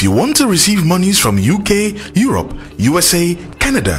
If you want to receive monies from UK, Europe, USA, Canada,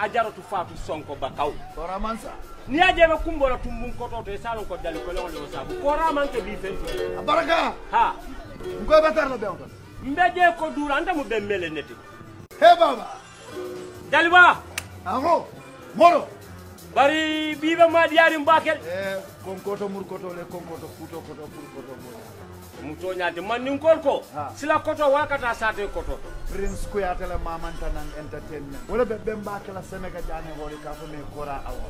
ajaratu fatu sonko bakaw koraman sa ni ya jebe kumbola tumbun koto to salon ko dali ko lon lo sabu koraman ke bi fenti baraka ha ngoy batar la beon mbe je ko dura anda mu be mele neti he baba dalba ago moro bari bibe ma diari mbakel eh konkoto murkoto le konkoto futo koto furkoto moro mutoña de mannin kolko sila koto wakata sate koto prince ko yatele mamanta nan entertainment wala be be mba kala senega jane wori ka fo me kora awo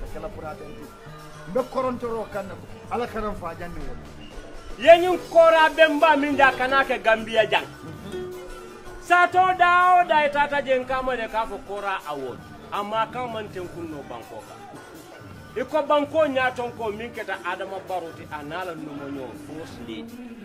ta kala pura tan ti koronto ro kan ko ala kanam fa janne ye yenyin kora be mba min da kanake gambia jang mm-hmm. sato dao da tata jen kama de ka fo kora awo amma kan man ten kunno banko ka iko banko nyaton ko min keta adama baruti anala numo nyo force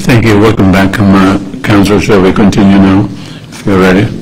Thank you. Welcome back, Councillor. Shall we continue now, if you're ready?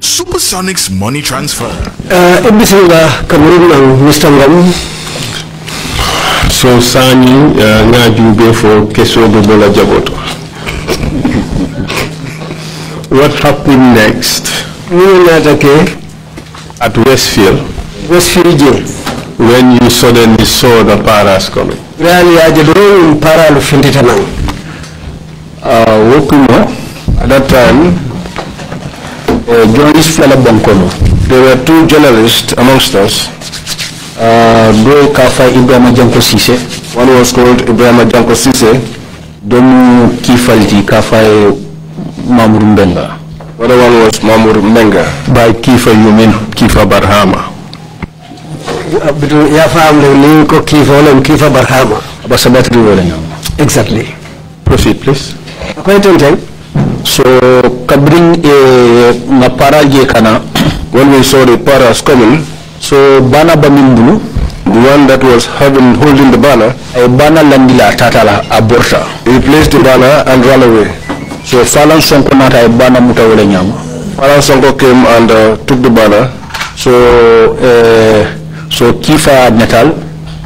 Supersonics money transfer. Uh, ibisila kamun ng Mr. Ngam. So sani uh, nga jube for keso bobola jaboto. What happened next? We okay. At Westfield. Westfield J. When you suddenly saw the paras coming. Really, I did all para lufintitanang. Uh, Wokuma, at that time, Joyce Fela Bonkolo. There were two journalists amongst us. Uh, Bro Kafa Ibrahima Janko Sise. One was called Ibrahima Janko Sise. Domu Kifaliti Kafa Mamur Mbenga. The other one was Mamur Mbenga. By Kifa, you mean Kifa Barhama. Uh, Kifa Barhama. Exactly. Proceed, please. So covering a paraje kana, when we saw the paras coming, so bana bamindulu, the one that was having holding the banner, a bana landila tatala aborta. He placed the banner and ran away. So Falan Sonko nata a banner mutawele nyama. Falan Sonko came and uh, took the banner. So uh, so Kifa Natal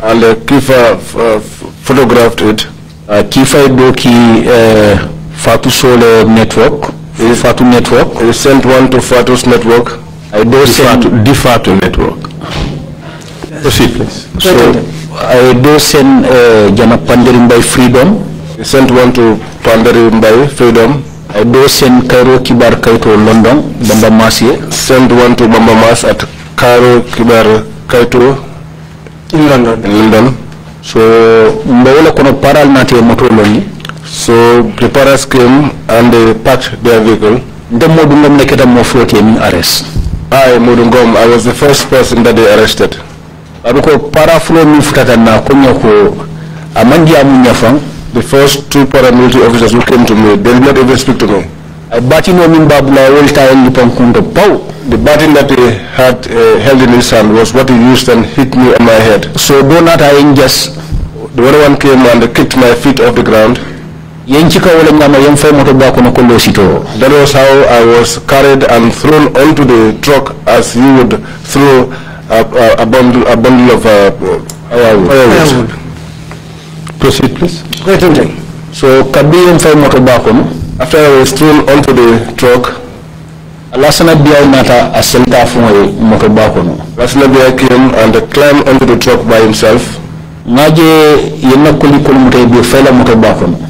and uh, Kifa uh, photographed it. Uh, Kifa Doki. Uh, Fatu Solar Network, it, Fatu Network. I sent one to Fatu's network. I do send Fatu, the Fatu Network. Yes. Proceed, please. So I do send uh, Jana Panderimbay Freedom. I sent one to Panderimbay Freedom. I do send Cairo Kibar Kaito London, Bamba Masie. Send one to Bamba Mas at Cairo Kibar Kaito in London. In London. So mbawole kono paral nati e motolongi so the repairers came and they uh, parked their vehicle. The Modungom Nekeda Mofo came in arrest. I, Modungom, I was the first person that they arrested. Aruko paraflo mi futata na kunyako amandi amunyafang. The first two paramilitary officers who came to me, they did not even speak to me. A batin on Babla will tie Lipankundo pau. The baton that he had uh, held in his hand was what he used and hit me on my head. So do not I just the other one came and kicked my feet off the ground. That was how I was carried and thrown onto the truck as you would throw a, a, a bundle, a bundle of uh, firewood. Proceed, please. Wait a minute. So, fay moto After I was thrown onto the truck, Lasana Bia Nata the Fumoye Motobakono. Lasana Bia came and climbed onto the truck by himself. Naje Yenakuli Kulmute Bufela Motobakono.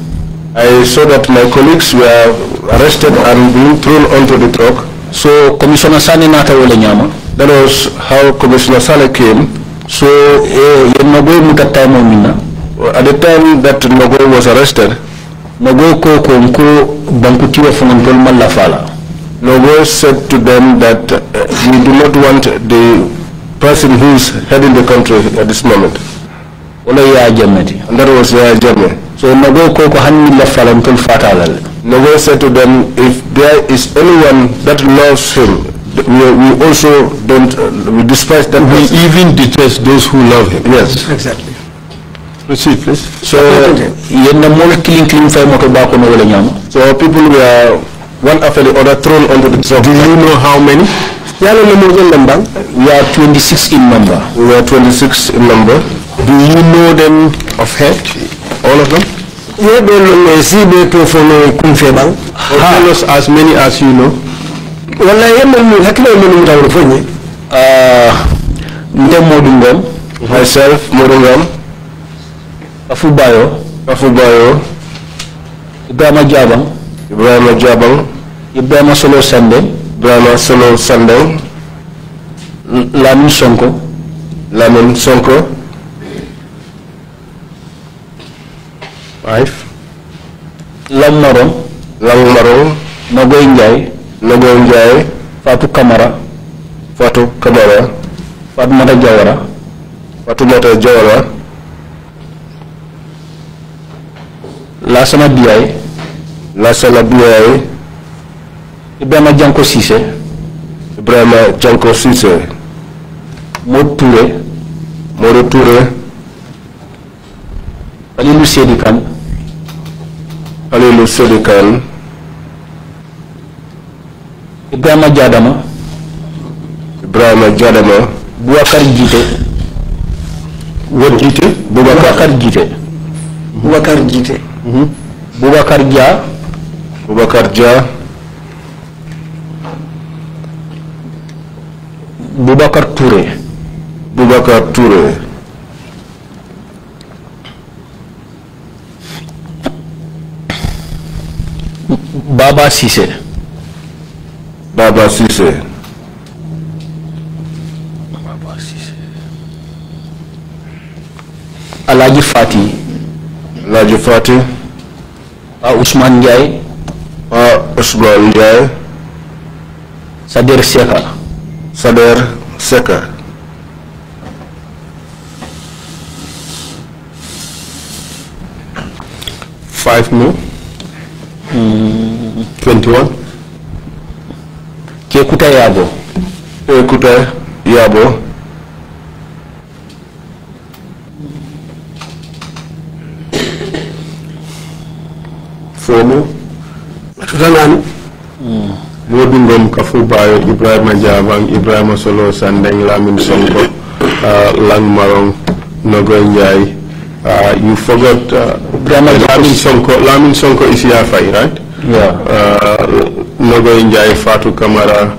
I saw that my colleagues were arrested and being thrown onto the truck. So Commissioner Sani Nata That was how Commissioner Sale came. So eh, Nogo Mutatamo Mina. At the time that Nogo was arrested, Nogo Koko Nko Bankutiwa Funantol lafala. Nogo said to them that uh, we do not want the person who is heading the country at this moment wala ya jannati that was their journey so nago ko ko hanni la falantul fatalal nago said to them if there is anyone that loves him we, we also don't uh, we despise them. we person. even detest those who love him yes exactly Proceed, please. So, so people were one after the other thrown onto the truck. Do you know how many? We are 26 in number. We are 26 in number. Do you know them of head, all of them? Tell us as many as you know. wallahi yemma min hakkilo men ɗum tawre fof ni ah, nden muɗum ɗon mhm. myself muɗum ɗon afubayo afubayo ibrahima diaban ibrahima diaban ibrahima solo sande ibrahima solo sande lamin sonko lamin sonko five Lam Marom Lam Marom Nogoy Ndiaye Nogoy Ndiaye Fatou Camara Fatou Camara Fatoumata Diawara Fatoumata Diawara Lassana Biaye Lassana Biaye Ibrahima Dianko Cissé Ibrahima Dianko Cissé Modou Touré Modou Touré Falilu Seydi Kan Falilu Seydi Kan Ibrahima Diadama Ibrahima Diadama Boubacar Jiite wër Jiite Boubacar Jiite Boubacar Jiite mhm. Boubacar Dia Boubacar Dia Boubacar Touré Boubacar Touré Baba Cissé. Baba Cissé. Baba Cissé. Alaji Fati. Alaji Fati. A Usman Ndiaye. Pa Ousmane Ndiaye. Sader Seka. Sader Seka. Five Mo. 21 kekuta yabo ekuta yabo fomo tutanan modou hmm. ngom ka fu bayo ibrahima diabang ibrahima solo sandeng lamin sonko uh, lang marong nogoy ndiaye uh, you forgot uh, ibrahima lamin sonko lamin sonko is fay right waaw ya, Nogoy eh, Ndiaye Fatou Camara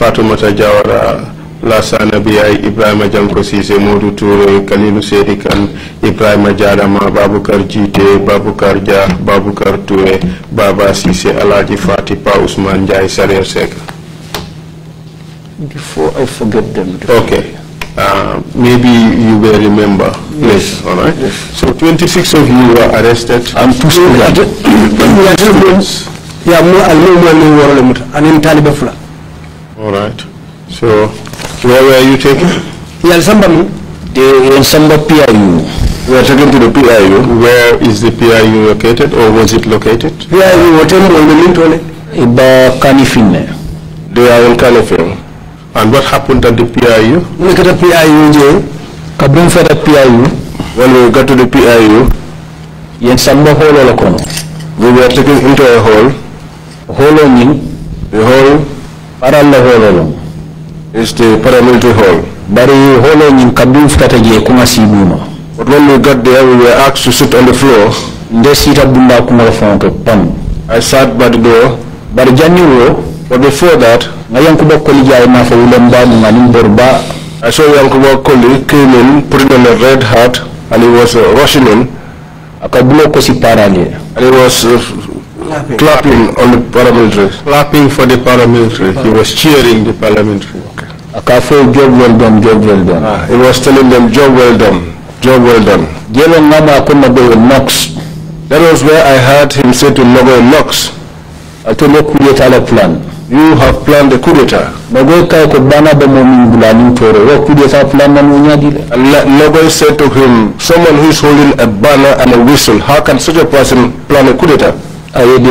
Mata Diawara Lassana Biyaay Ibrahima Janko Cissé Modou Touré Kalilou Seydi Kane Ibrahima Diadama Babacar Djité Babacar Dia Babacar Touré Baba Cissé Alaji Fatipa Ousmane Ndiaye Sarer Seck Before I forget them. Okay. Uh, maybe you will remember. Yes. yes. all right. Yes. So 26 of you were arrested. And two students. yeah, mu almu'minu ni worole all right so where were you taken yal samba mu the in samba piu we are taken to the PIU. Where is the PIU located or was it located? PIU, We were the Lintone. Iba Kanifine. They are in Kanifine. And what happened at the PIU? We got a PIU, Kabun for the PIU. When we got to the PIU, Yen Samba Hall Olakono. We were taken into a hall. holoning the hole paralla hololon este paramilitary hole bari holoning kabdum futata je kuma sibuma but when we got there we were asked to sit on the floor nde sita bunda kumala fonto pam i sat by the door bari janni wo but before that nga yankuba koli jaay ma fa wulam ba mu ngani borba i saw yankuba koli came in putting on a red hat and he was uh, rushing in akabulo ko si parale and he was uh, Clapping. Clapping on the parliamentary, Clapping for the parliamentary. He was cheering the parliamentary. Kafu job well done, job well done. Ah, he was telling them, job well done, job well done. That was where I heard him say to Logo Knox, you, kuleta la plan you have planned the coup d'etat nogo kay plan said to him someone who is holding a banner and a whistle how can such a person plan a coup d'etat and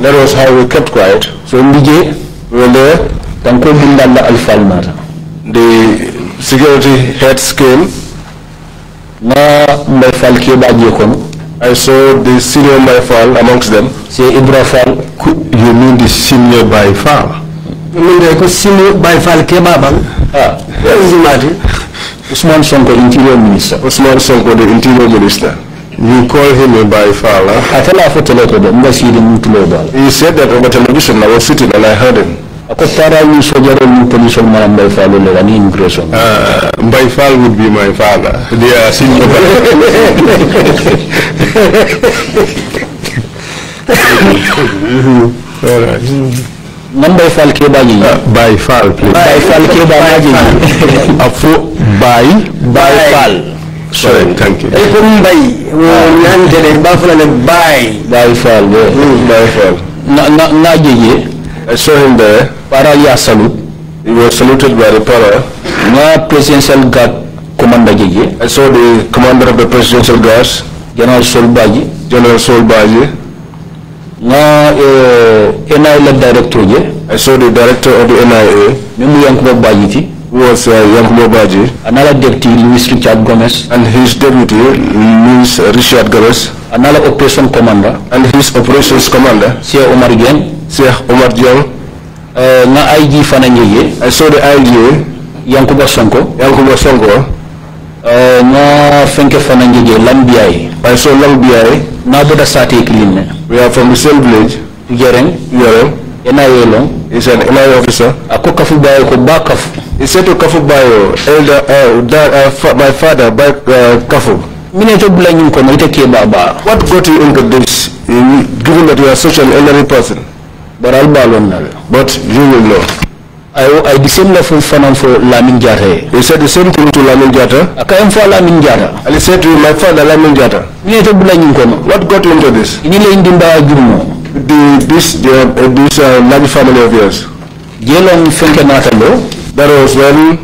that was how we kept quiet. So we were there. The security heads came. I saw the senior by fal amongst them. Say Ibrafal, you mean the senior by fal? You mean the senior by came kebabang? Ah, what is the matter? Usman Sonko, Interior Minister. Usman Sonko, the Interior Minister. You call him a bifala. He said that over television, I was sitting and I heard him. akotara ni sojaro ni police mara mbay falu le ni immigration ah mbay fal would be my father they are senior all right nan bay fal ke ba please By fal ke ba ma afu bay bay fal so ay ko mbay ñaantere bafulane bay bay fal bo hmm. bay fal na na na jeje i eh, saw him there paraya salute he was saluted by the para na presidential guard commander jeje i eh, saw the commander of the presidential guards general solbaji general solbaji eh, na director je i saw the director of the nia memu yankuba bajiti who was a uh, Yankubo Another deputy, Luis Richard Gomez. And his deputy, Luis Richard Gomez. Another operation commander. And his operations commander. Sir Omar Dieng. Sir Omar Dieng. Uh, na IG Fananyeye. I saw the IG. Yankubo Sonko. Yankubo Sonko. Uh, na Fenke Fananyeye, Lambiai. I saw Lambiai. Na Boda Sate Kiline. We are from the same village. Yereng. Yereng. NIA long. He's an NIA officer. Ako kafubayo ko ba kafu. He said to kafubayo, elder, uh, dad, uh, fa my father, by uh, kafu. Mine to bula nyum kono ite ke baba. What got you into this? You, given that you are such an elderly person. But I'll balon But you will know. I, I the same level for for Lamin Jata. He said the same thing to Lamin I Akayam for Lamin Jata. And he said to my father Lamin Jata. Mine to bula nyum What got you into this? Inile indimba ajumo the this the, uh, this uh, large family of yours. Yelong finger natalo. That was very.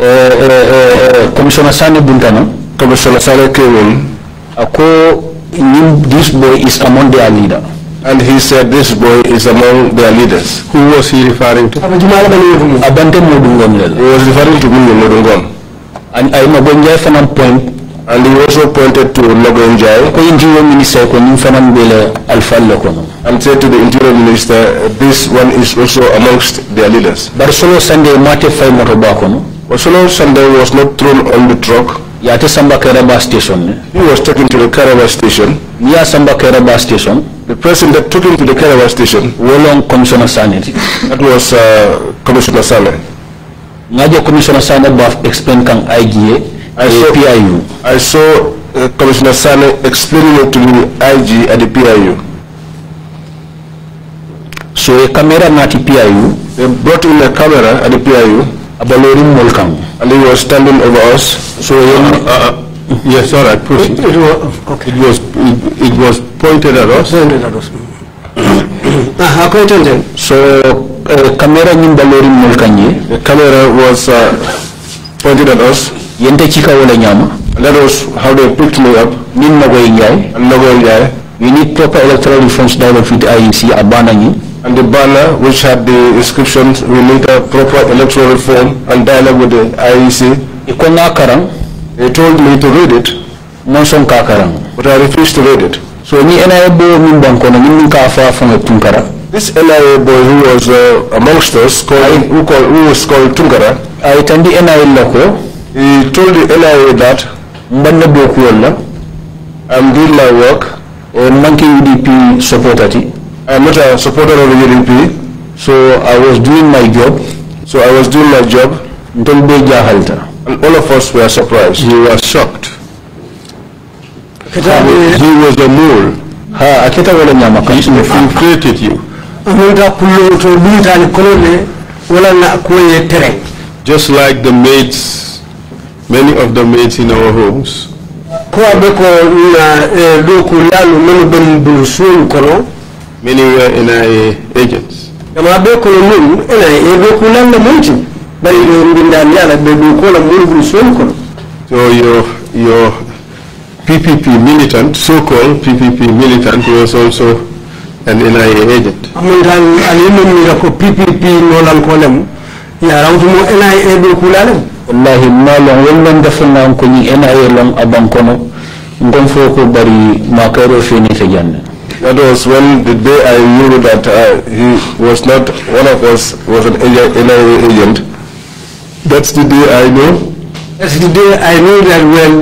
Eh, eh, eh, Commissioner Sani Buntano. Commissioner Sani Kewin. Ako this boy is among their leader. And he said this boy is among their leaders. Who was he referring to? Abante Modungom. He was referring to Mungo And I'm one point and he also pointed to Logonjai. And said to the interior minister, this one is also amongst their leaders. Osolo Sunday was not thrown on the truck. Yate Samba Keraba station. He was taken to the Keraba station. Near Samba station. The person that took him to the Keraba station. Wolong Commissioner Sane. That was uh, Commissioner Sane. Ngajo Commissioner Sane baf kang IGA. I saw, PIU. I saw uh, Commissioner Sane explaining it to me, IG at the PIU. So a camera at the PIU? They brought in a camera at the PIU. Abalorim Molkang. And he was standing over us. So uh, uh, uh, yes, all right, proceed. It, it, was, okay. it, was, it, it was pointed at us. Pointed at us. Ah, pointed then. So uh, camera in balorim Molkang. The camera was uh, pointed at us yente ci kaw la ñama let us how they picked me up min nagoy ñay nagoy ñay we need proper electoral reforms dialogue with the IEC abana ñi and the banner which had the inscriptions we need a proper electoral reform and dialogue with the IEC iko nga karang they told me to read it mon son ka karang but i refused to read it so ni ena bo min banko na min ka fa fa tunkara this NIA boy who was uh, amongst us called, I, who, called, who was called Tungara I tandi NIA lako he told the NIA that Mbanda Bokuola, I'm doing my work, a monkey UDP supporter. I'm not a supporter of the UDP, so I was doing my job. So I was doing my job. And all of us were surprised. We were shocked. He was a mole. He infiltrated you. Just like the maids many of the maids in our homes. Eh, many were NIA eh, agents. Eh, so your, your PPP militant, so-called PPP militant, was also an NIA agent. PPP no wallahi ma lon ena lon kono ngon bari ma kayro fini janna That was when the day I knew that uh, he was not, one of us was an agent, NIA agent. That's the day I know. That's the day I know that when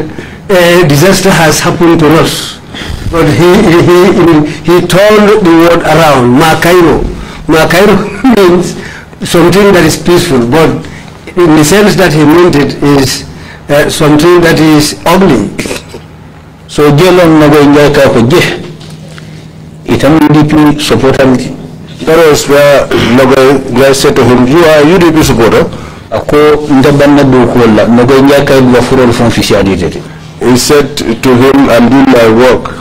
a disaster has happened to us. But he, he, he, he turned the word around, Makairo. Makairo means something that is peaceful, but in the sense that he meant it is uh, something that is ugly. So jelon nago enjoy ka ko je. Itam UDP supporter. That was where nago guy said to him, you are UDP supporter. Ako ndabanna do ko la nago enjoy ka la furol fon officialité. He said to him, I'm doing my work.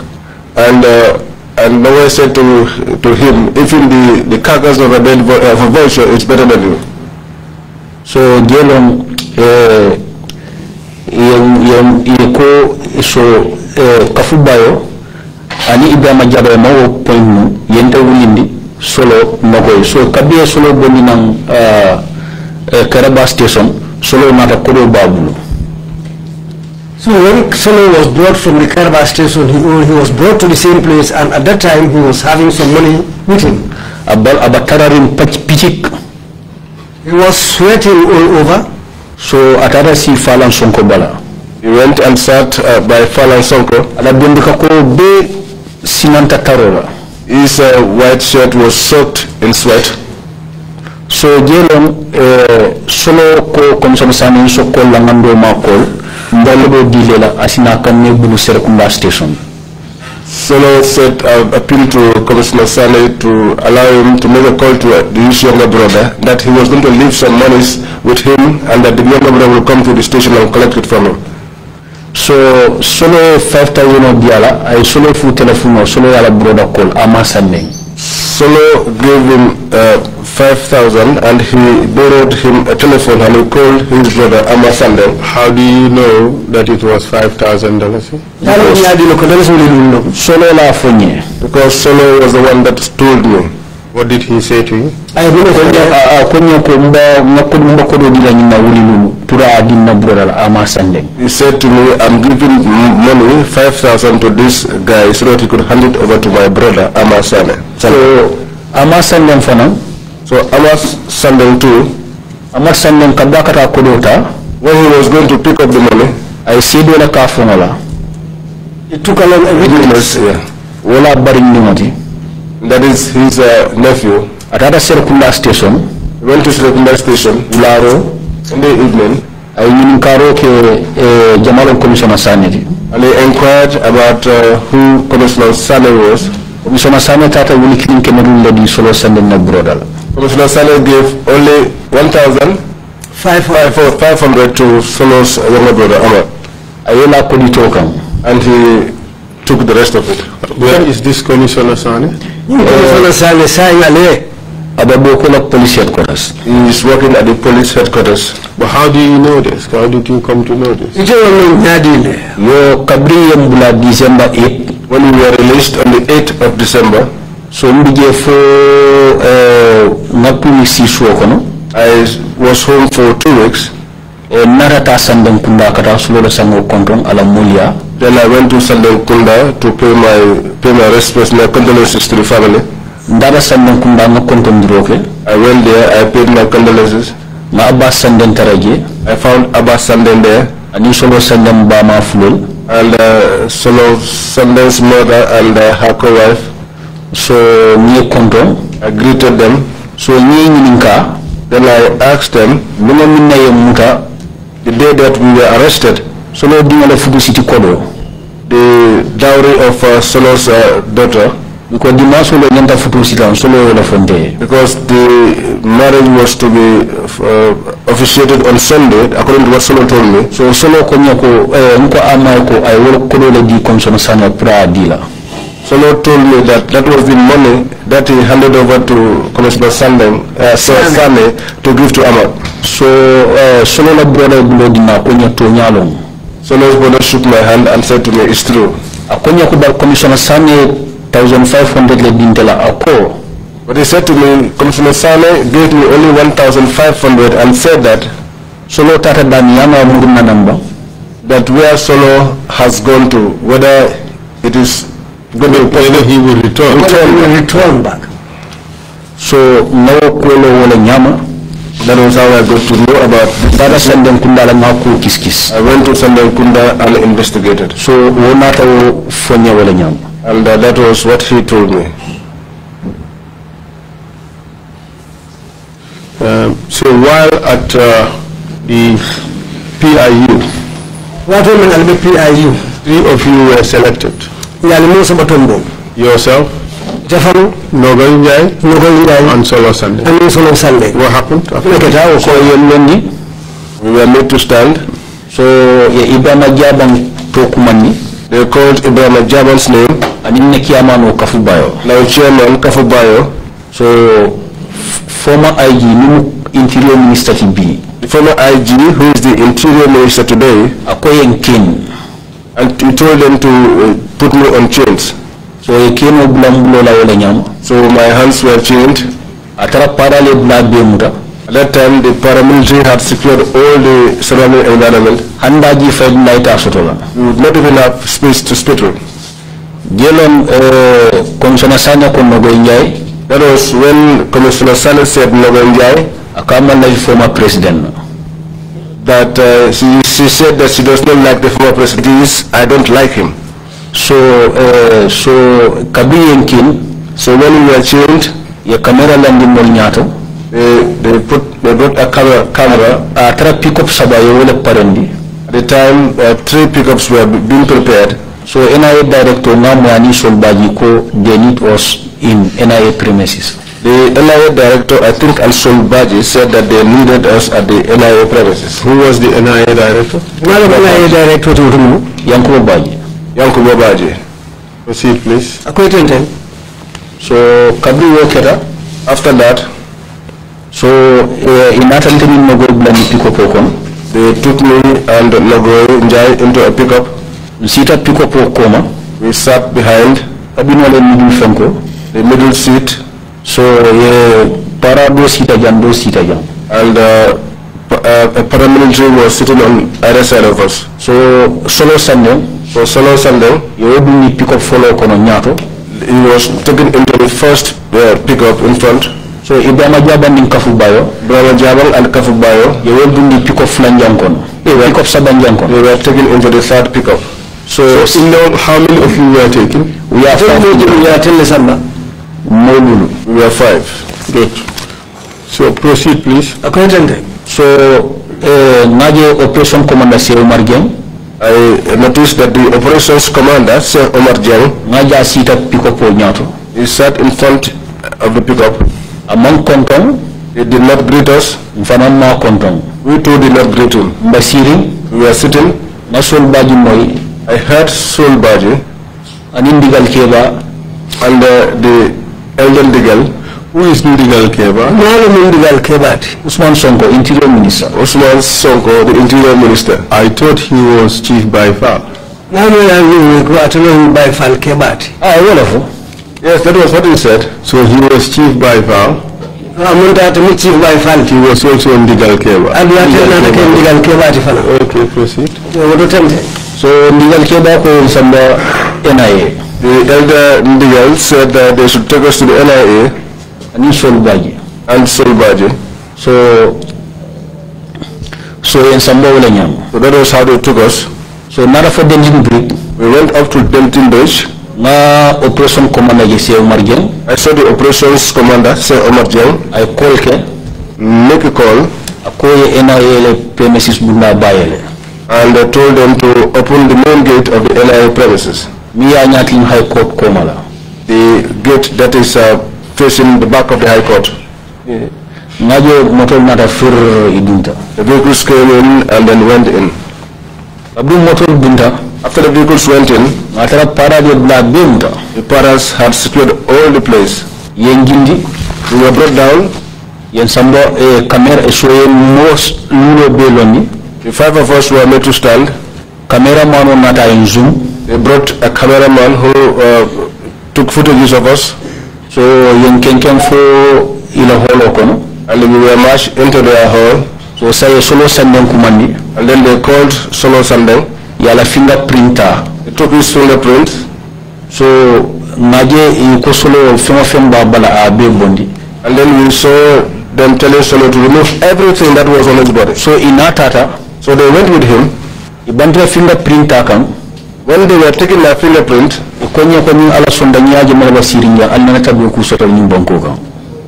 And uh, and Noah said to to him, even the the carcass of a dead of a vulture is better than you. so gelon eh, ye yeko so eh, kafubayo ani ibama jaɓe ya mawo point mu yente wulindi solo magoy ya. so kabiya solo boni nan uh, eh, eh, karaba station solo mata koɗo babulo So when Solo was brought from the Karaba station, he, he was brought to the same place and at that time he was having some money with him. Abal abatararin pachik He was sweating all over. So atara si Falan Sonko bala. He went and sat uh, by Falan Sonko. he ko be sinanta tarola. His uh, white shirt was soaked in sweat. So jelon uh, solo ko komisama sani sokol langando makol ndalbo dilela asina kanne bulu sere station. Solo said, I've uh, appealed to Commissioner Sane to allow him to make a call to the his younger brother that he was going to leave some monies with him and that the younger brother will come to the station and collect it from him. So solo 5,000 of Biala, I solo fu telephone, solo yala brother call, Ama Solo gave him uh, 5,000 and he borrowed him a telephone and he called his brother Amma How do you know that it was $5,000? Because, because Solo was the one that told me. What did he say to you? He said to me, I'm giving money, 5,000 to this guy so that he could hand it over to my brother, Amma So, Amma for now? So Amas Sandem too. Amas Sandem Kabakata Kodota. When he was going to pick up the money, I see the car from Allah. It took along a witness. Wala Baring Nimati. That is his uh, nephew. At other Serakunda station. He went to Serakunda station, Laro, in the evening. I Karo ke eh, Jamal Commissioner Sanity. And he inquired about uh, who Commissioner Sanity was. Commissioner Sanity Tata Wilikin Kemerun Lady Solo Sandin Nagrodal. Commissioner Sane gave only 1,500 to Sono's younger brother, Amar. Ayela Koditoka. And he took the rest of it. Where is this Commissioner Sane? Uh, Commissioner Sane, Sane, police headquarters. He is working at the police headquarters. But how do you know this? How did you come to know this? When we were released on the 8th of December, so mbije fo uh, si siisuo kono i was home for two weeks e uh, narata sandan kunda kata sulola sango konton ala mulya then i went to sandan kunda to pay my pay my respects my condolences to the family ndaba sandan kunda nga konton diroke i went there i paid my condolences ma abba sandan taraje i found abba sandan there ani solo sandan bama fulol and uh, solo sandan's mother and uh, her co-wife so ñi konto I greeted them so ñi ñininka then I asked them lu nga min naye muta the day that we were arrested solo dingale fudu city kodo the dowry of uh, Solo's uh, daughter because the solo la because the marriage was to be uh, officiated on Sunday according to what Solo told me so Solo ko nyako eh, nko amay ko ay wol kodo la di comme son sanya Solo told me that that was the money that he handed over to Commissioner Sandeng, uh, Sane to give to Ahmad. So uh, Solola brother Blodina Konya Tonyalong. Solo's brother shook my hand and said to me, it's true. Akonya Kubal Commissioner Sane 1,500 le dintela ako. But he said to me, Commissioner Sane gave me only 1,500 and said that Solo Tata Daniama Murna Namba that where Solo has gone to, whether it is whether he will return. Return, will return back. So now kwelo wala nyama. That was how I got to know about that. Sandan Kunda Maku I went to Sandan Kunda and investigated. So Wonata Fonya wala nyama. And uh, that was what he told me. Um, so while at uh, the PIU, what women at the PIU? Three of you were selected yàlla moo sama tombo. yourself. Jafanu. Nogoy Ndiaye. Nogoy Ndiaye. On Solo Sunday. And Solo Sunday. What happened? Look at how so We were made to stand. So Ibrahim Jaban took money. They called Ibrahim Jaban's name. And in the kafu Kafubayo. Now Chairman bayo So former IG, new Interior Minister to former IG, who is the Interior Minister today. Akoyen King. And he told them to uh, put me on chains. So he came up So my hands were chained. At that time the paramilitary had secured all the surrounding environment. Handaji fed night after We would not even have space to spittle. Jelon uh, Commissioner Sanya Konogoinjai. That was when Commissioner Sanya said Nogoinjai. Akama former president. That uh, he she said that she does not like the former president. I don't like him. So, uh, so Kabi Yenkin, so when we were changed, your camera landing Molnyato, they, they put they brought a camera, camera. Uh, three pickups about parendi. At the time, uh, three pickups were being prepared. So NIA director Namwani Solbaji ko they need us in NIA premises. The NIA director, I think Alson Baji, said that they needed us at the NIA premises. Who was the NIA director? Madam NIA director to whom? Yankubo Baji. let Baji. Proceed, please. Acquaintance. So, Kabri Wokera, after that, so in attempting in Nogoi Blani Pico Pokon, they took me and Nogoi Njai into a pickup. We sit at pickup Pokoma. We sat behind. Abinwale Middle Fenko, the middle seat so ये para do sita Jan do sita jam. And uh, uh a paramilitary was sitting on either side of us. So solo sandeng. So solo sandeng. You ni pick up follow kono nyato. He was taken into the first pickup uh, pick up in front. So Ibrahima Jabal ni Kafubayo. Ibrahima Jabal and Kafubayo. You ni pick up flanjang kono. They were, pick up sabanjang kono. They were taken into the third pick up. So, so in all, how many of you were taken? We are five. We are ten no We are five. Good. So proceed, please. gentlemen. So, uh, Operation Commander Sir Omar Jeng. I noticed that the Operations Commander Sir Omar Jeng. Naja Sita Pickup Nyato. He sat in front of the pickup. Among Kontong. He did not greet us. Mfanama Kontong. We too did not greet him. Mbasiri. We are sitting. Masul Baji Moi. I heard Soul Baji. An Indigal Keba. And uh, the Elden Digal. Who is Ndigal Keba? No, no, Ndigal Kebati. Usman Sonko, Interior Minister. Usman Sonko, the Interior Minister. I thought he was Chief Baifal. No, no, no, no, Baifal Keba. Ah, wonderful. Yes, that was what he said. So he was Chief Baifal. I'm not to meet Chief Baifal. He was also Ndigal Keba. I'm the to meet Ndigal Kebati. Okay, proceed. So Ndigal Keba who is samba NIA. The elder Ndigal said that they should take us to the NIA. And in And Solbaji. So, so in Sambawala Nyam. So that was how they took us. So Nara for Denton Bridge. We went up to Denton Bridge. Na operation commander je Omar Dieng. I saw the operations commander Sey Omar Dieng. I called him. Make a call. Akoye NIA le premises bunda bayele. And I told them to open the main gate of the NIA premises. Mia Nyatling High Court Komala. The gate that is uh, facing the back of the High Court. Najo motor nada fir idunta. The vehicles came in and then went in. Abu motor bunta. After the vehicles went in, Matara para de bunta. The paras had secured all the place. Yengindi. We were brought down. Yen samba a camera showing most lulo beloni. The five of us were made to stand. Camera man on in zoom. They brought a cameraman who uh, took footages of us. So young kenken in a hall okono. And we were marched into their hall. So say solo sandeng Kumani, And then they called solo sandeng yala fingerprinter. They took his fingerprint. So naje ko solo fema femba bala a bondi. And then we saw them telling solo to remove everything that was on his body. So in Atata, so they went with him. He a fingerprinter come when they were taking their fingerprint konya konya ala sondanyaje mala basirinya alnana tabu kusoto nyimbanko kan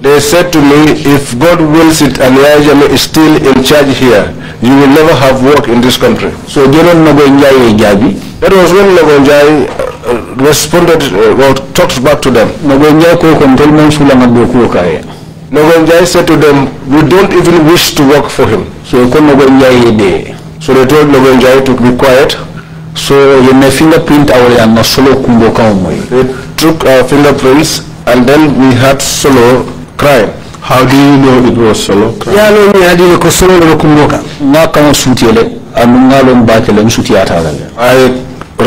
they said to me, if God wills it and Yajame is still in charge here, you will never have work in this country. So Jerome Nagonjai Jabi. That was when Nagonjai uh, responded uh, or talked back to them. Nagonjai said to them, we don't even wish to work for him. So, so they told Nagonjai to be quiet so my fingerprint awre anna solo kungo kawmoy they took our fingerprints and then we had solo cry. how do you know it was solo Yeah, yalo mi adi ko solo do kungo ka na kama sutiyele anu ngalon bakele msutiyata lale i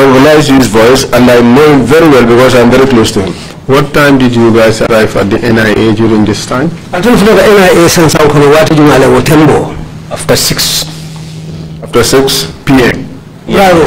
recognize his voice and i know him very well because i'm very close to him What time did you guys arrive at the NIA during this time? I don't know the NIA since I was at the Watembo. After 6. After 6 p.m. Yeah. Bravo.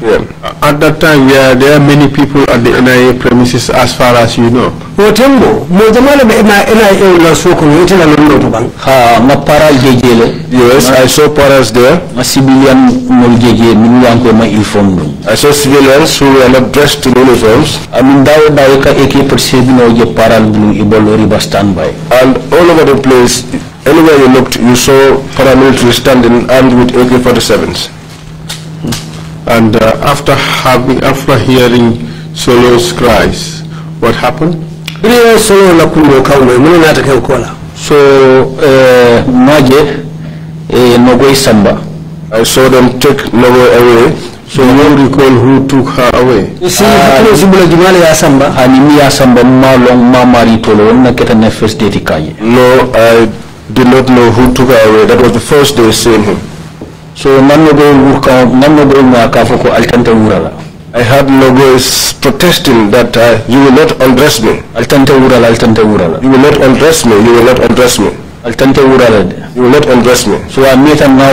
Yeah. At that time, there are many people at the NIA premises, as far as you know. Wotembo, mojamala be na NIA ulaso kumi wote na lundo tuban. Ha, maparal jejele. Yes, I saw para's there. Ma civilian mol jeje minyango ma uniform I saw civilians who were not dressed in uniforms. I mean, dawo dawo ka AK percebi na oje paral blue ibolori ba standby. And all over the place, anywhere you looked, you saw paramilitary standing armed with AK-47s. And uh, after having, after hearing Solo's cries, what happened? So Naje uh, uh, I saw them take Nogwe away. So mm-hmm. you don't recall who took her away? You see, hakilo zibula jumale ya samba. Hanimi ya samba ma long ma maritolo. Wena keta ne first date kaje. No, I did not know who took her away. That was the first day seeing him. So I heard Logo is protesting that uh, you will not undress me. Altante urala, altante urala. You will not undress me, you will not undress me. Altante urala. You will not undress me. So I met her now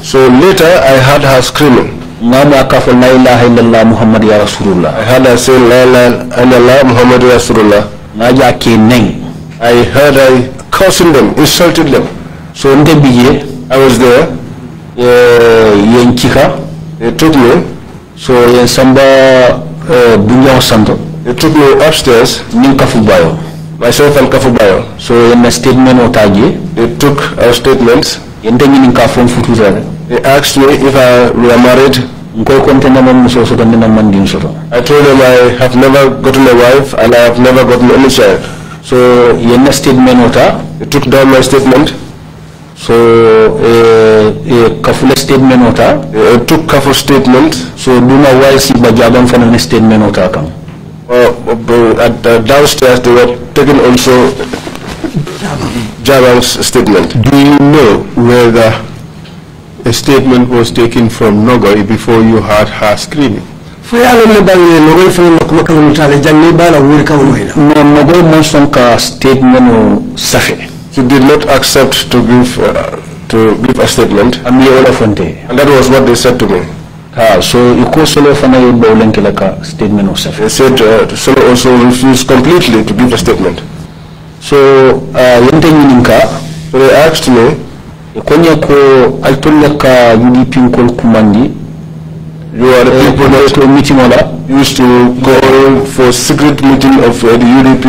So later I heard her screaming. Nama akafo la ilaha illallah Muhammad ya Rasulullah. I heard her say la ilaha illallah Muhammad ya Rasulullah. Naja ke neng. I heard I cursing them, insulted them. So ndebiye. I was there yen took me. so yen samba bunjang santo me upstairs nin kafu bayo myself and kafu bayo so yen statement o taji they took our statements yen tangi nin kafu futu zare they asked me if I were married I told them I have never gotten a wife and I have never gotten any child. So, yen statement o ta, they took down my statement so a careful statement ota. Took careful statement. So do duma why Jagan for fanane statement ota uh, taken. At uh, downstairs they were taken also Jagan's statement. Do you know whether a statement was taken from Nogoi before you had her screening? screaming? Nogoi mentioned a statement he did not accept to give uh, to give a statement. And that was what they said to me. Ah, so iko statement of self. They said uh, solo also refused completely to give a statement. So ah, yente uh, they asked me. Konya ko kumandi you are the uh, people that to meeting on that. used to call for secret meeting of uh, the UDP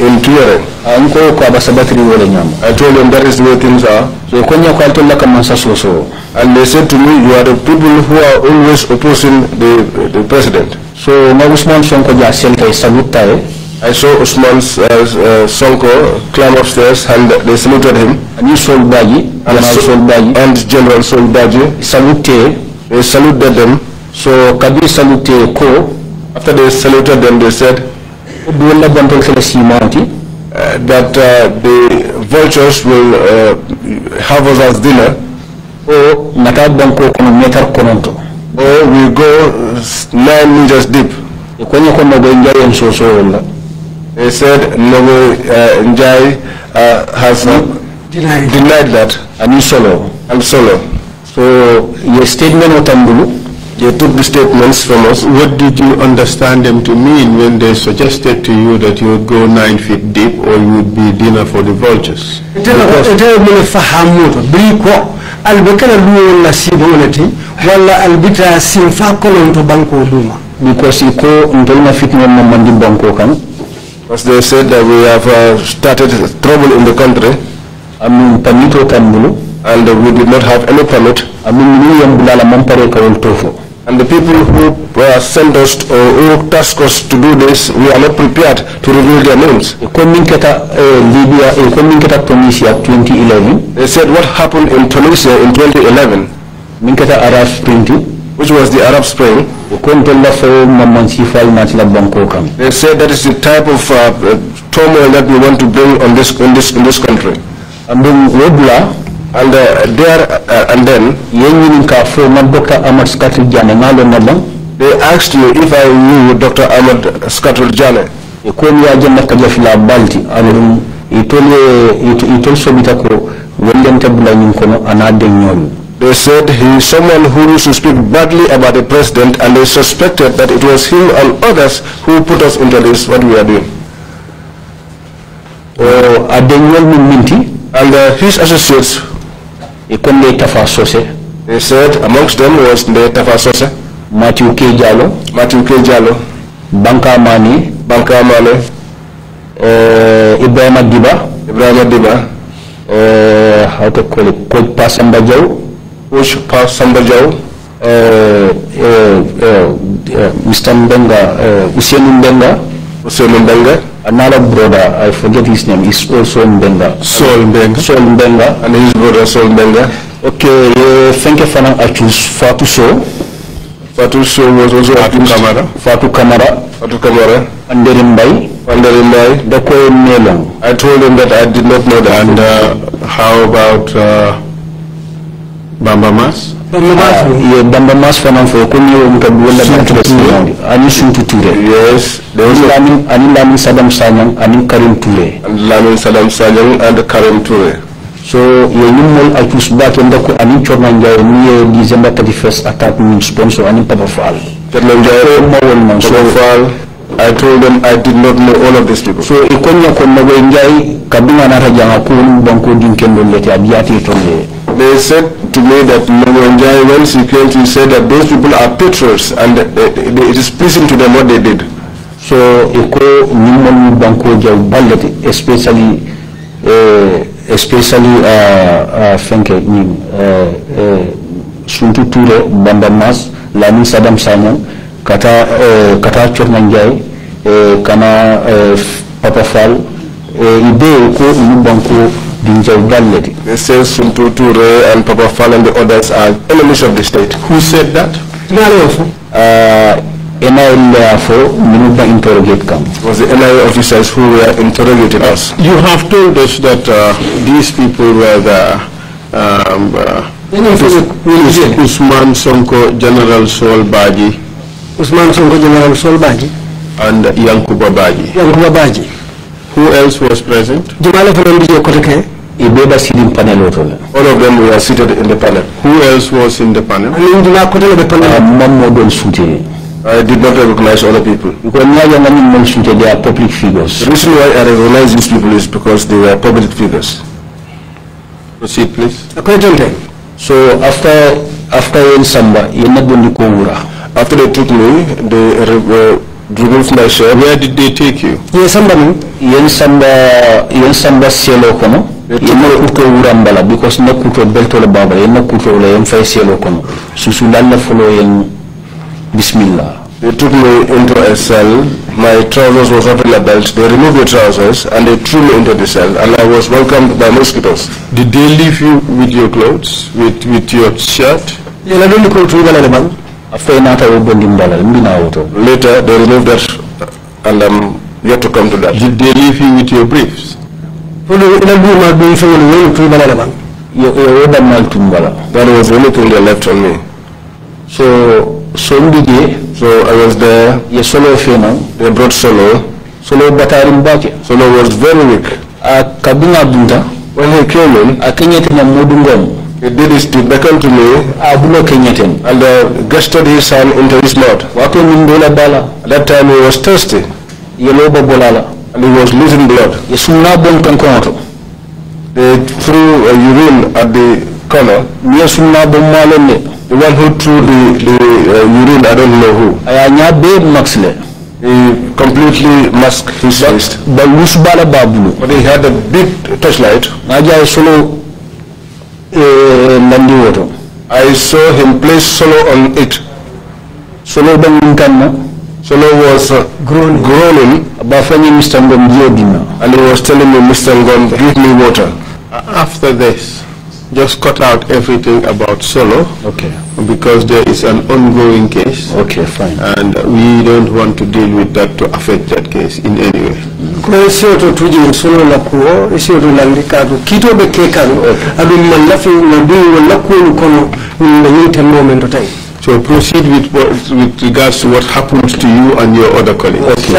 in Tuareg. Uh, I told them that is where things are. So And they said to me, you are the people who are always opposing the, the president. So Usman Sonko I saw Usman uh, uh, Sonko climb upstairs and they saluted him. And you saluted and, and, and General Solbaji. Salute. They saluted them. So Kabir we Ko? After they saluted them, they said uh, that uh, the vultures will uh, have us as dinner. Oh, or oh, we go nine meters deep. They said Nogo uh, Njai uh, has uh, denied. denied that. And solo. And solo. So your statement was Tambulu they took the statements from us. What did you understand them to mean when they suggested to you that you would go nine feet deep or you would be dinner for the vultures? Because go Because they said that we have uh, started trouble in the country. Amin panito And we did not have any permit and the people who uh, sent us or uh, who task us to do this, we are not prepared to reveal their names. Uh, they said what happened in Tunisia in 2011, Arab which was the Arab Spring. They said that is the type of uh, uh, turmoil that we want to bring on this, in this, in this country and uh, there uh, and then yenyin ka fo man dr ahmad skatul jane ngalo they asked you if i knew dr ahmad skatul jane e ko mi aje nakka je fila balti alum itol itol sobita ko wellente bula nyin kono anade nyol They said he is someone who used to speak badly about the president and they suspected that it was him and others who put us into this, what we are doing. Oh, Adenyol Minti? And uh, his associates ኢኮን tafasose They said amongst them was Ndeta tafasose Matthew K. Jalo, Matthew K. Jalo, Banka Mani, Banka Mane, uh, ibrahima diba ibrahima diba uh, how to call it, Coach Pasamba Joe, Coach Pasamba Joe, uh, uh, uh, uh, Mr. Mbenga, uh, Usienu Mbenga, Sol Mbenga. Another brother, I forget his name, is also Mbenga. Sol Mbenga. Sol Mbenga. And his brother Sol Mbenga. Okay, uh, thank you for choose Fatu So. Fatu So was also Fatu Kamara. Fatu Kamara. Fatu Kamara. And Derimbai. And Derimbai. I told him that I did not know that. And uh, how about uh, Bamba Mas? bamba mas fo ko ni o muta wala ani suntu ture yes ani ani lamin sadam sanyang ani karim ture lamin sadam sanyang and karim ture so ye ñimmol ay tous baake ndako ani ndiaye ni ye december 31st attaque min sponsor ani papa fall corna ndiaye ma won man so I told them I did not know all of these people. So ikonya ko nawe njai kabinga na rajanga ko banko din kendo lete abiyati tonde they said to me that Longonjai, when she came, she said that those people are patriots and uh, it is pleasing to them what they did. so Iko nimman banko jaw ballete especially uh, especially uh, uh, fenke nin uh, eh, uh, eh, suntu ture bandamas Lani Saddam Simon, kata uh, kata chorna njay uh, kana uh, papa fal uh, ibe Iko nimman banko Dinjavdalleri. Saint Suntu Toure and Papa Fan and the others are enemies of the state. Who said that? Uh, NIA therefore Minuba interrogate come. It was the NIA officers who were interrogating us. Uh, you have told us that uh, these people were the um, uh, Usman Sonko General Sol Baji. Usman Sonko General Sol Baji. And Yankuba Baji. Yankuba Baji. Who else was present? Jumala Fernandez Koteke ibeba silim panel all of them were seated in the panel who else was in the panel nindu na not recognize panel people. Ah, don sute I did not recognize other people. Because they are public figures. The reason why I recognize these people is because they are public figures. Proceed, please. So after after in Samba, After they took me, they uh, removed my shirt. Where did they take you? Yes, Samba. Yen Samba, Yen Samba yemol because na kuto kono susu bismillah They took me into a cell. My trousers was up in a belt. They removed the trousers and they threw me into the cell. And I was welcomed by mosquitoes. Did they leave you with your clothes, with with your shirt? Later, they removed that, and I'm yet to come to that. Did they leave you with your briefs? Follow I've been you to the Lalaman. You ordered Maltumbala. was only thing the left on me. So, Sunday, so I was there. Yes, solo Fena. They brought solo. Solo Batarim Baki. Solo was very weak. A Kabina Dunda. When he came in, a Kenyan and Mudungom. He did his to beckon to me. Abulo Kenyatin. And uh, guested his son into his mouth. Wako Mindola Bala. At that time he was thirsty. Yeloba Bolala. And he was losing blood. They threw a urine at the color. The one who threw the, the uh, urine, I don't know who. He completely masked his face. But he had a big torchlight. Uh, I saw him place solo on it. Solo Solo was uh, groaning. groaning. And he was telling me, Mr. Ngom, give me water. After this, just cut out everything about Solo. Okay. Because there is an ongoing case. Okay, fine. And we don't want to deal with that to affect that case in any way. ko solo na so proceed with, what, with regards to what happened to you and your other colleagues. Okay.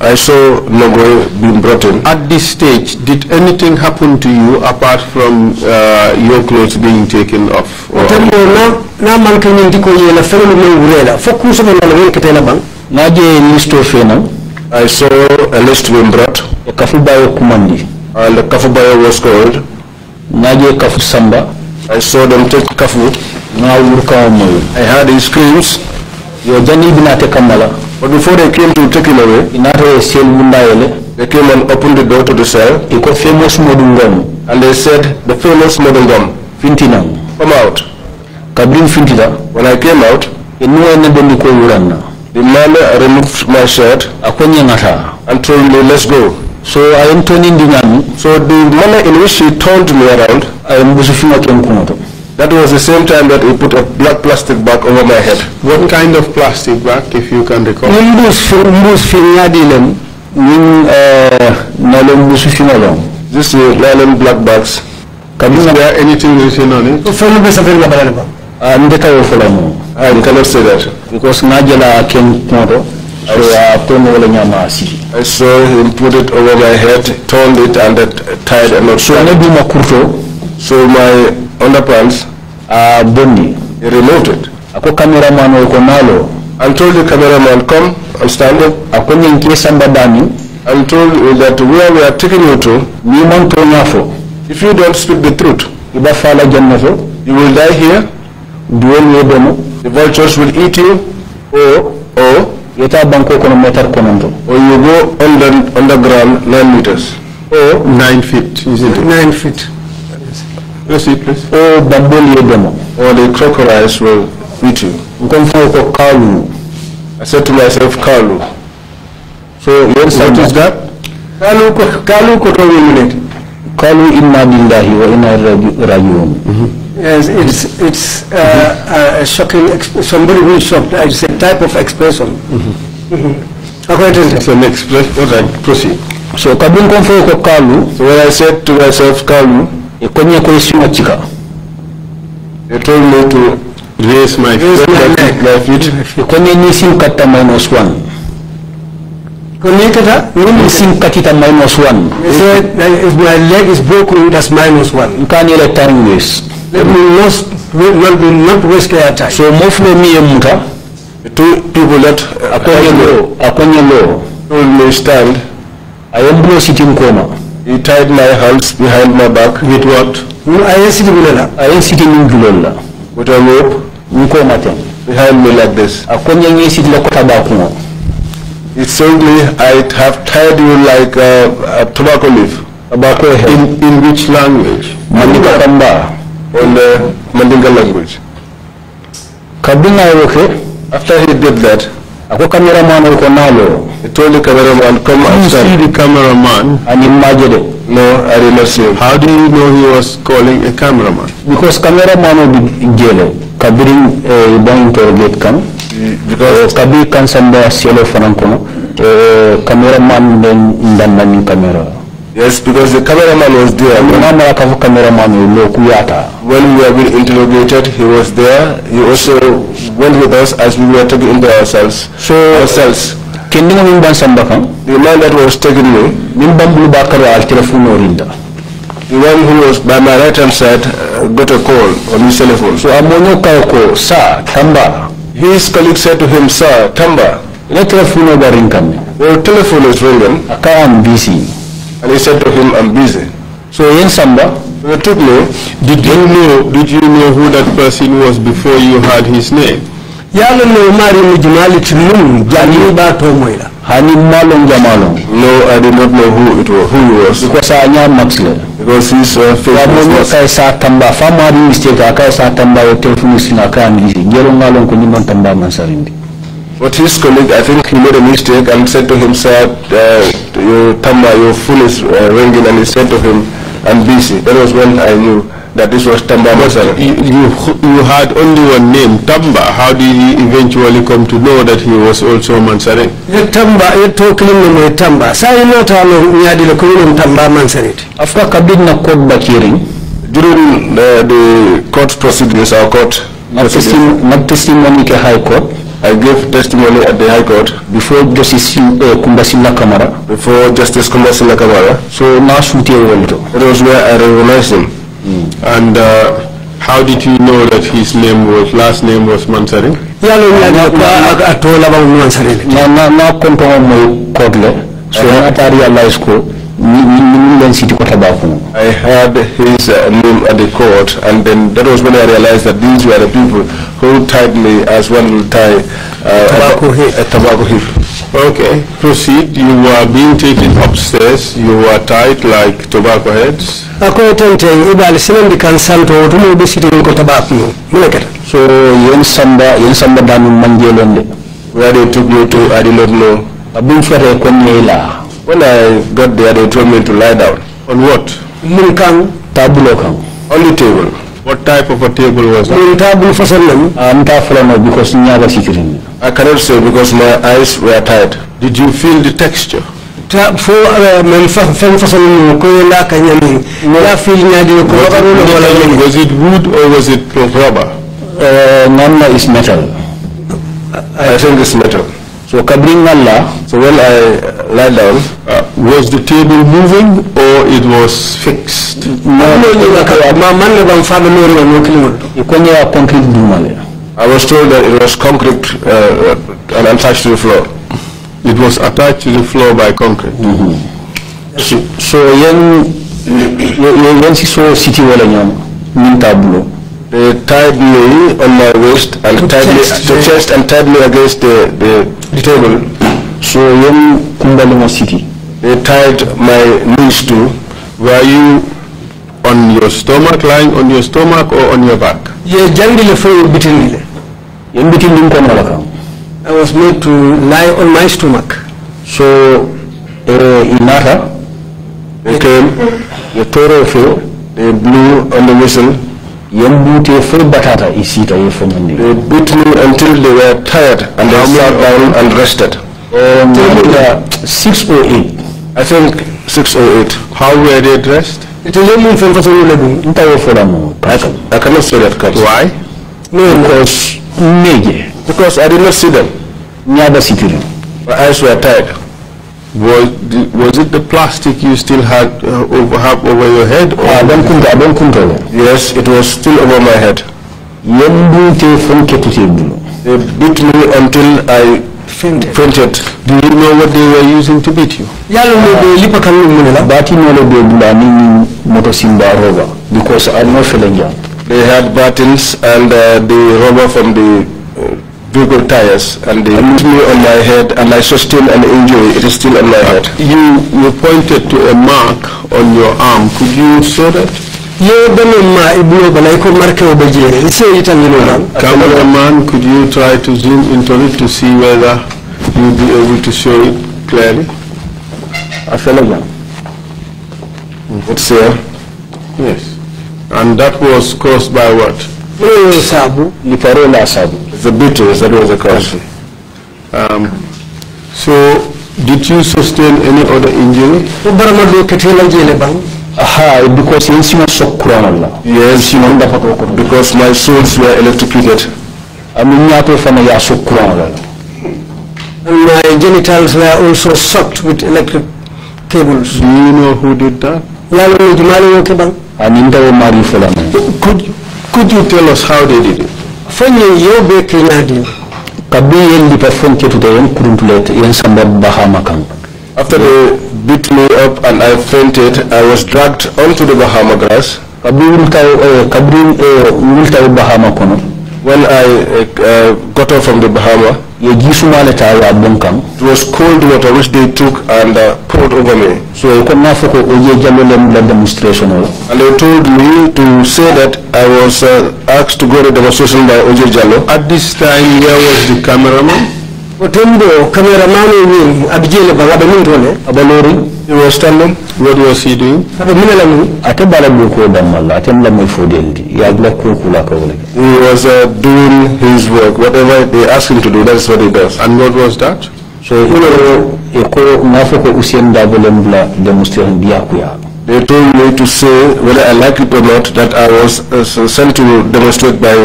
I saw Nogoy being brought in. At this stage, did anything happen to you apart from uh, your clothes being taken off? Or na man kan yin diko yela fenolu men wurela fokku so men wala wekete la bang. Na je listo fena. I saw a list being brought. The Kafubayo Kumandi. And the Kafubayo was called? Naje Kafu Samba. I saw them take Kafu. Now I heard his screams. Yojani Binate Kamala. But before they came to take him away, Inate Sel Mundayele. They came and opened the door to the cell. called famous Modungam. And they said, the famous Modungam. Fintinam. Come out. Kabrin Fintida. When I came out, Inuwa Nebenduko Urana. The man removed my shirt. Akonye Ngata. And told me, let's go. So I am turning the man. So the manner in which he turned me around, I am That was the same time that he put a black plastic bag over my head. What kind of plastic bag, if you can recall? Uh, this is nylon black bags. Can you there anything written on it? I'm the I cannot say that. Because Najala came tomorrow. Uh, I he put it over my head, turned it and that tied a knot. So maybe my kurto. So my underpants. Uh, Bonnie. He removed it. Ako cameraman wako nalo. And told the cameraman come and stand up. Ako nyenkie told you that where we are taking you to. Ni monto nyafo. If you don't speak the truth. Iba fala jannafo. You will die here. The vultures will eat you. Oh, oh yeta banko kono meter kononto or you go under underground nine meters or nine feet is it nine feet yes please or bambol yedemo or the crocodiles will eat you nkonfo ko kalu i said to myself kalu so yes what is that kalu ko kalu ko to we minute kalu inna lillahi wa inna ilaihi rajiun mm -hmm. Yes, it's it's uh, uh a shocking. Somebody will shocked. It's a type of expression. Mm-hmm. Mm-hmm. Okay, it's an expression. Right, proceed. So kabingo mfuko kalu. So when I said to myself kalu, ikonye kuisiwa chika. They told me to raise my raise my feet. Ikonye nisi ukata minus one. Ikonye kata nisi ukatita minus one. They said if my leg is broken, that's minus one. Nkani ile tangu yes. Let me not, will not waste their time. So of me and Muta, two people that according Lo, according Lo, told me stand. I am no sitting coma. He tied my hands behind my back with what? I am sitting in I am sitting in Gulola. With a rope. Nkoma Behind me like this. According me, sitting like tobacco. It's only I have tied you like a, uh, a tobacco leaf. Tobacco In, in which language? Manikatamba. on the Mandinka language. Kabinda Iwoke, after he did that, ako cameraman ko nalo. He told the cameraman, come you outside. You see the cameraman? And imagine No, I did not see him. How do you know he was calling a cameraman? Because cameraman will be jail. Kabirin uh, ibang interrogate kan. Because uh, kabi kan samba sielo fanan kono. Uh, cameraman den dan namin camera. Yes, because the cameraman was there. When we were being interrogated, he was there. He also went with us as we were talking into ourselves. So ourselves. The man that was taking me, the one who was by my right hand side uh, got a call on his telephone. So sir, Tamba. His colleague said to him, Sir, Tamba. Your telephone is The telephone is ringing. I am busy. And he said to him, I'm busy. So in Samba, they took me. Did you know, did you know who that person was before you heard his name? yalo no mari mu jimali jani ba to hani malon jamalo no i did not know who it was who he was because i nya maxle because he's a. Uh, face yeah, was kai sa tamba fa mari mistake kai sa tamba o telefoni sina kan gizi ngelo tamba man but his colleague, I think he made a mistake and said to him, sir, uh, your, Tamba, uh, your phone is uh, ringing, and he said to him, I'm busy. That was when I knew that this was Tamba Masara. You, you, had only one name, Tamba. How did he eventually come to know that he was also Mansare? Tamba, yetokilimo Tamba. Sa inota no nyadile kulum Tamba Mansare. After kabidna court bakiring, during the, uh, the court proceedings, our court, not testimony, not testimony, high court. I gave testimony at the High Court. Before Justice uh, Kumbasila Kamara. Before Justice Kumbasila Kamara. So now shooting That was where I recognized him. Mm. And uh, how did you know that his name was last name was Mansari? Yeah, no, no, no. I told about Mansari. No, no, no. Come to my court. So uh-huh. I realized. I heard his uh, name at the court, and then that was when I realized that these were the people who tied me as one will tie uh, tobacco a, a tobacco Okay, proceed. You were being taken upstairs. You were tied like tobacco heads. So you samba yen samba danu manjelende. Where they took you to, I do not know. When I got there, they told me to lie down. On what? Munkang. Tabulokang. On the table. What type of a table was that? Muntabul fasalam. Amtafalama ah, because nyaga sikirin. I cannot say because my eyes were tired. Did you feel the texture? For euh, man fen façon ko la kanyami la fil nyadi ko wala was it wood or was it rubber uh, none is metal I, I think it's metal so covering Allah. So when I lie down, uh, was the table moving or it was fixed? No, no, no. no, I was told that it was concrete uh, and attached to the floor. It was attached to the floor by concrete. Mm -hmm. So, so when when she saw city wall, minta blue. They tied me on my waist and to tied chest, me, to chest and tied me against the, the, the table. So yom kumbalima city. They tied my knees to. Were you on your stomach, lying on your stomach or on your back? Ye jangile fo bitinile. Yom bitinile ko malaka. I was made to lie on my stomach. So uh, eh, inata, they came, the toro you, they blew on the whistle. Yembute Fulbatata Isita Yefumani. They beat me until they were tired and they sat down and rested. Um, uh, six or oh eight. I think six or oh eight. How were they dressed? It is only for the I cannot say that because why? No, because because I did not see them. Never see them. My eyes were tired was was it the plastic you still had uh, over over your head? Or don't ah, don't Yes, it was still over my head. They beat me until I fainted. fainted. Do you know what they were using to beat you? because I'm not feeling young. They had battles and uh, the rubber from the uh, vehicle tires and they hit me on my head and I sustained an injury. It is still on my head. You, you pointed to a mark on your arm. Could you show that? Cameraman, could you try to zoom into it to see whether you'll be able to show it clearly? I Asalama. What's here. Yes. And that was caused by what? Liparona Sabu the Beatles, that was the question. Um, so, did you sustain any other injury? Aha, because yes, you shock Yes, you know, because my souls were electrocuted. I mean, and my genitals were also shocked with electric cables. Do you know who did that? I mean, they were married for Could, could you tell us how they did it? fanyen yau bai kai na din kabe yen to the yen kuruntulet yen sambab bahama kan after they beat me up and i fainted i was dragged onto the bahama grass eh, eh, bahama kono when I uh, uh, got off from the Bahama, it was cold water which they took and uh, poured over me. So demonstration. And they told me to say that I was uh, asked to go to the demonstration by Oje Jalo. At this time, where was the cameraman? cameraman abijele abalori he was standing. What was he doing? Ate barabu ko damalla. Ate mlami fodeldi. Yagla ko He was uh, doing his work. Whatever they asked him to do, that's what he does. And what was that? So iko nafoko usienda bolembla demonstrandia They told me to say whether I like it or not that I was uh, sent to demonstrate by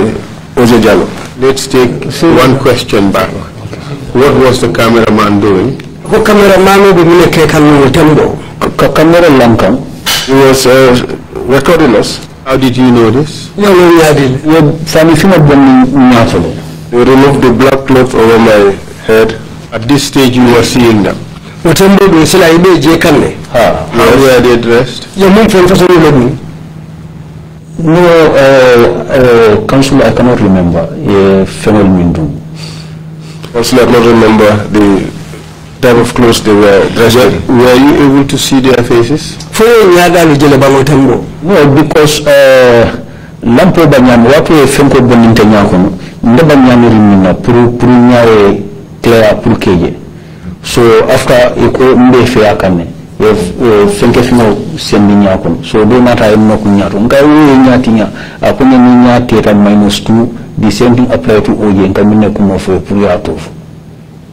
Ojejalo. Let's take one question back. What was the cameraman doing? be he was uh, recording us how did you know this yo lo yadil yo fami fima bon nyaatolo they removed the black cloth over my head at this stage you were seeing them wotembo do sila ibe je kanne ha how were they dressed Your mum fen faso no uh, uh, council i cannot remember e fenol min i cannot remember the type of clothes they were dressed in. Were you able to see their faces? No, because lampo banyam wapi fenko boninte nyakono nde banyam rimina pour pour nyawe clear pour keje so after iko mbe fe yakane fenke fino sendi nyakono so do mata imno kunyato ngai we nyatinya akonya ni nyati ta minus 2 the same thing apply to oje ngamine kumofo pour yatofu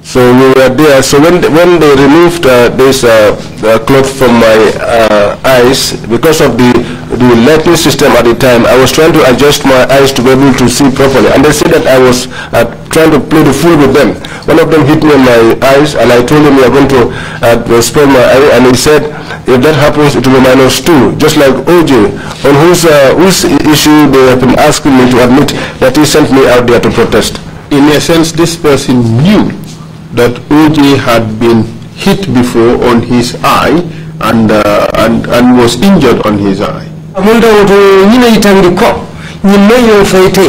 So we were there. So when when they removed uh, this uh, uh cloth from my uh, eyes because of the the lighting system at the time, I was trying to adjust my eyes to be able to see properly. And they said that I was uh, trying to play the fool with them. One of them hit me on my eyes, and I told him we are going to uh, spoil my eye. And he said, if that happens, it will be minus two, just like OJ, on whose whose issue they have been asking me to admit that he sent me out there to protest. In a sense, this person knew that Uji had been hit before on his eye and, uh, and, and was injured on his eye. amunda wotu nyina itangiko nyinno yo fayte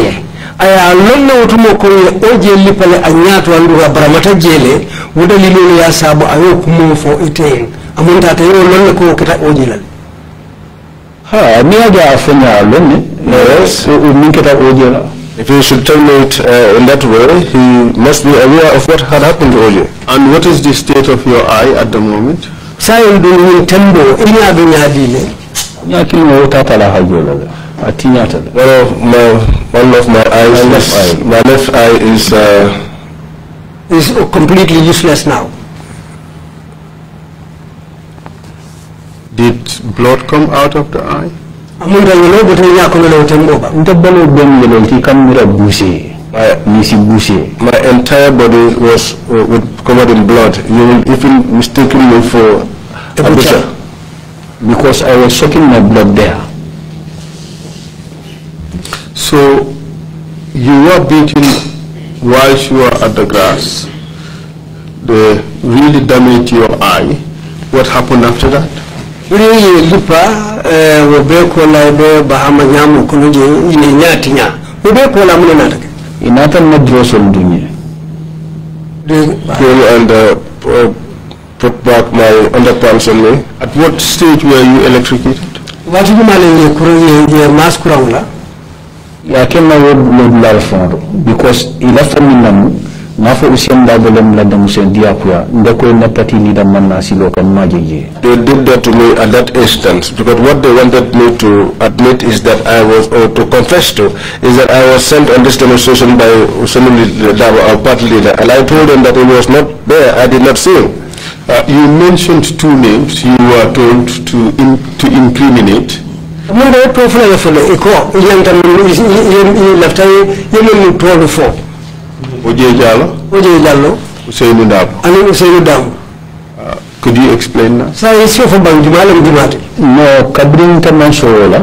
aya lonna wotu mo ko oje lipale anyato anduga baramata jele wuda lilolo ya sabu ayo kumo fo ite amunda ta yo lonna ko kita oje lal ha mi aja afanya lonne yes eh, min kita oje la If he should terminate uh, in that way, he must be aware of what had happened earlier. And what is the state of your eye at the moment? One of my one of my eyes, my left eye, my left eye is uh, is completely useless now. Did blood come out of the eye? amunda yelo boto nya ko lo tembo ba ntabbalo ben ti kam mira bouché my bouché my entire body was uh, with, covered in blood you will even mistaken me for a butcher because i was sucking my blood there so you were beaten while you were at the grass they really damaged your eye what happened after that biriye lipa eh, wo be ko la be ba ama nyamu kuno je ine nyati nya wo be ko ina tan madrasul dunya Cool and uh, put back my underpants on me. At what stage were you electrocuted? What you mean? The mask kurang la. Yeah, I came away with life because he left me nafu usiyam da dolem la dam sen diakuya ndako nakati ni dam manna silo kam majeje they did that to me at that instance because what they wanted me to admit is that I was or to confess to is that I was sent on this demonstration by Usman Dabo our party leader and I told him that he was not there I did not see him uh, you mentioned two names you were told to in, to incriminate mo re profile fo le ko yanta mi lafta yemen mi tolo fo Oje Jallo. Oje Jallo. Usainu Dabo. I mean Dabo. Uh, ah, could you explain that? Sir, it's your for Bangimalam Dimati. No, Kabrin Taman Shola.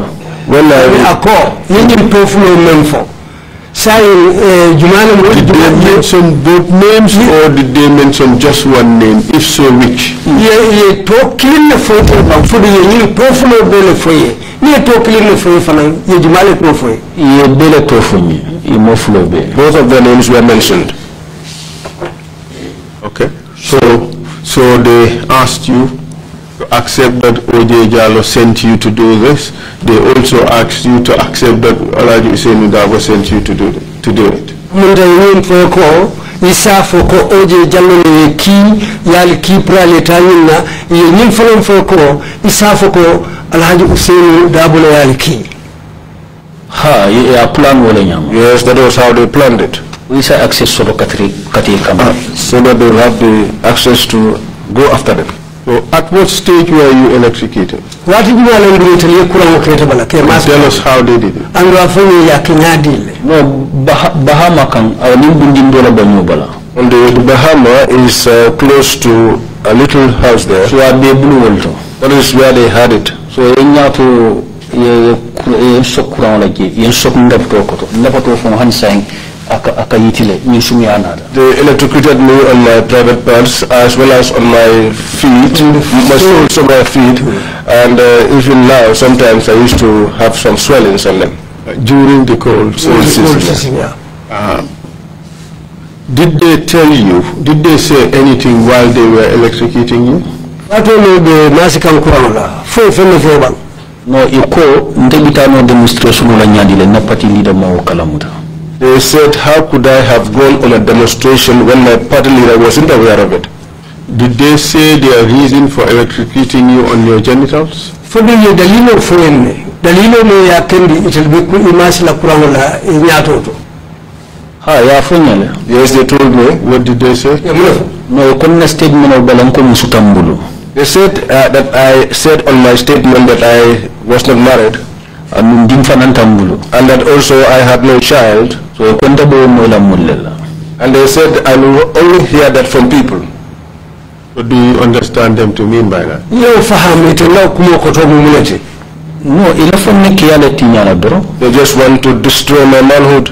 Well, I. Akko, you need to follow Memphis. Saying, uh, did they mention both names or did they mention just one name? If so, which? Ye tokilin foye ba fudu ye ni profulo bele you. Ni ye tokilin foye fana ye jumale ko The Ye bele ko foye. Ye mofulo bele. Both of their names were mentioned. Okay. So so they asked you accept that OJ Jalo sent you to do this. They also asked you to accept that Olaji Hussein Udaba sent you to do, that, to do it. isafo ko oje Jalo ni ki yali ki prale tanyina ye nyim folon fo ko isafo ko alhaji usaini dabulo yal ki ha ye a plan wala nyam yes that was how they planned it we say access to the katri katri kama ah, so that they have the access to go after them so at what stage were you electrocuted? What did you learn You Tell us how they did it. And wafuni ya kinyadile. No, Bahama kan awani bungindola banyobala. And the Bahama is uh, close to a little house there. So abe blue walto. That is where they had it. So enya to ye ye sok kurawala ki ye sok ndapato koto ndapato kung hansang they electrocuted me on my private parts as well as on my feet, mm. my soles on my feet, mm. and uh, even now sometimes I used to have some swellings on them. During the cold, season, Uh, did they tell you, did they say anything while they were electrocuting you? No, iko ndebitano demonstration la nyadile na party leader mawo kalamuta. They said, how could I have gone on a demonstration when my party leader wasn't aware of it? Did they say their reason for electrocuting you on your genitals? Fodini dalilo fuenne, dalilo me ya kendi itilbiku imasi la kurangola inyatoto. Ha, ya funyale. Yes, they told me. What did they say? No, kuna statement of balanko musutambulu. They said uh, that I said on my statement that I was not married and that also I had no child. So And they said, I will only hear that from people. What do you understand them to mean by that? No, They just want to destroy my manhood.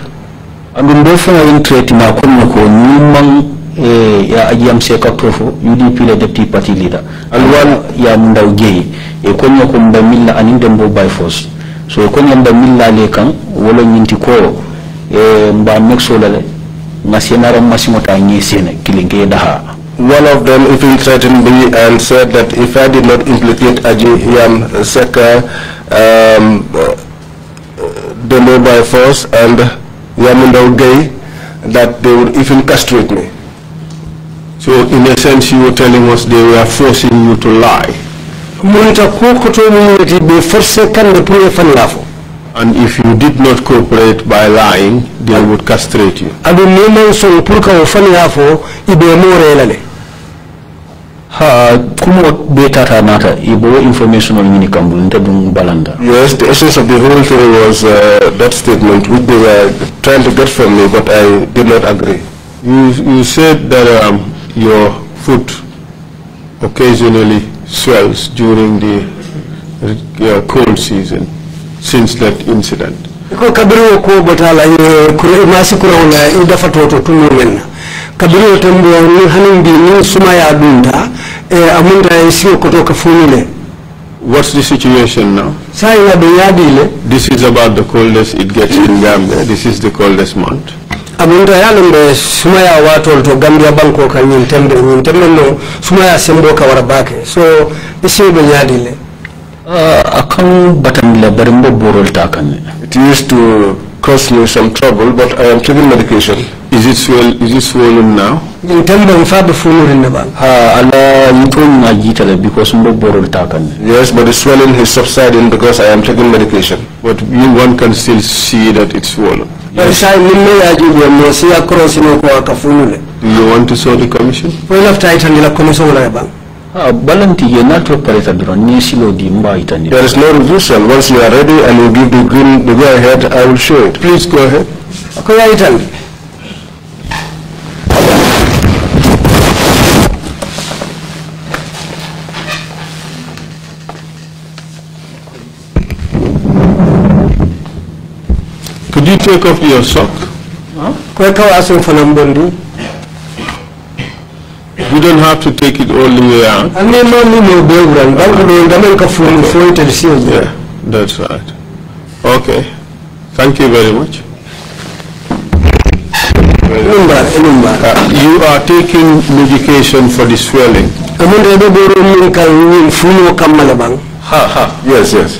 And in the following trait, na kumno ko nimang eh, ya ajiyam seka profo UDP la deputy party leader. And one ya munda ugei. E kumno kumbamila anindembo by force so ko ñanda millale kan wala ñinti ko e mba mexola le nga senara masimo ta ñi sene kilinge daha One of them even threatened me and said that if I did not implicate Aji Yam Seka, um, the law by force and Yamundo Gay, that they would even castrate me. So in a sense you were telling us they were forcing you to lie munta ko koto be forcé kande pour e fannafo and if you did not cooperate by lying they would castrate you adu ni man son pour ka o fannafo ibe morelale ha kumo be tata nata ibo information on mini kambu nta dum balanda yes the essence of the whole story was uh, that statement which they were trying to get from me but i did not agree you you said that um, your foot occasionally swells during the uh, cold season since that incident. kabiriwo eh, eh, ni dunda eh, amunda What's the situation now? This is about the coldest it gets in Gambia. This is the coldest month amin da yalin da sumaya watol to gambia banko kan yin tembe yin no sumaya sembo kawarabake bake so isi ben yadile uh, akan batan la barin borol ta it used to cause me some trouble but i am taking medication is it swell is it swollen now in tembe fa be funurin na ba ha ala yitun na jita da because mbo borol ta kan yes but the swelling is subsiding because i am taking medication but you one can still see that it's swollen bari you want to saw the commission We foy lafta the commission wala ba balanti ye nato pareta duran ni silo di mba itandi there is no refusal once you are ready and you give the green the go ahead i will show it please go ahead Okay, ya itandi Take off your sock. Kweka wasin fanambondi. You don't have to take it all the way out. Ani ma ni mo beugran, bangu do ndamen ka fulu fulu telisiyo. Yeah, that's right. Okay. Thank you very much. Uh, you are taking medication for the swelling. Ha, ha, yes, yes.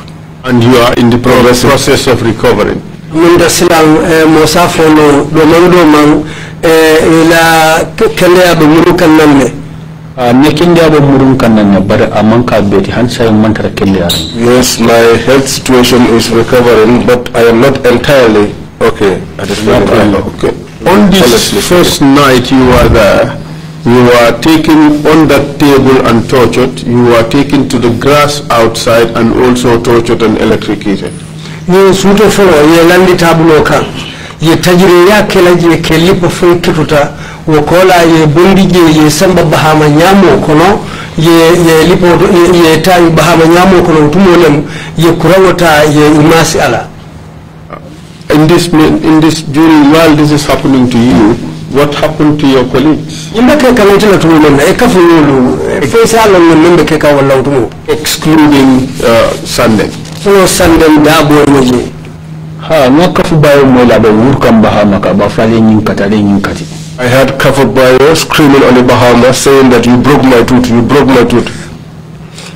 And you are in the process of recovery. Munda silang abu abu amanka beti hansa Yes, my health situation is recovering, but I am not entirely okay. I just not okay. On this first night you were there. You are taken on that table and tortured. You are taken to the grass outside and also tortured and electrocuted. Ni suto folo ye landi tabulo kan ye tajiri ya kela je kelipo fo kituta wokola ye bondi je ye samba bahama nyamo kono ye ye lipo ye tayi bahama nyamo kono tumolem ye kurawata ye imasi ala in this in this during while this is happening to you what happened to your colleagues? Excluding uh, Sunday. So Sunday dabo waje. Ha no kafu bayo mo la ba wurkan Bahama ka ba fale nyin katale nyin kati. I heard Kafu Bayo screaming on the Bahama, saying that you broke my tooth, you broke my tooth.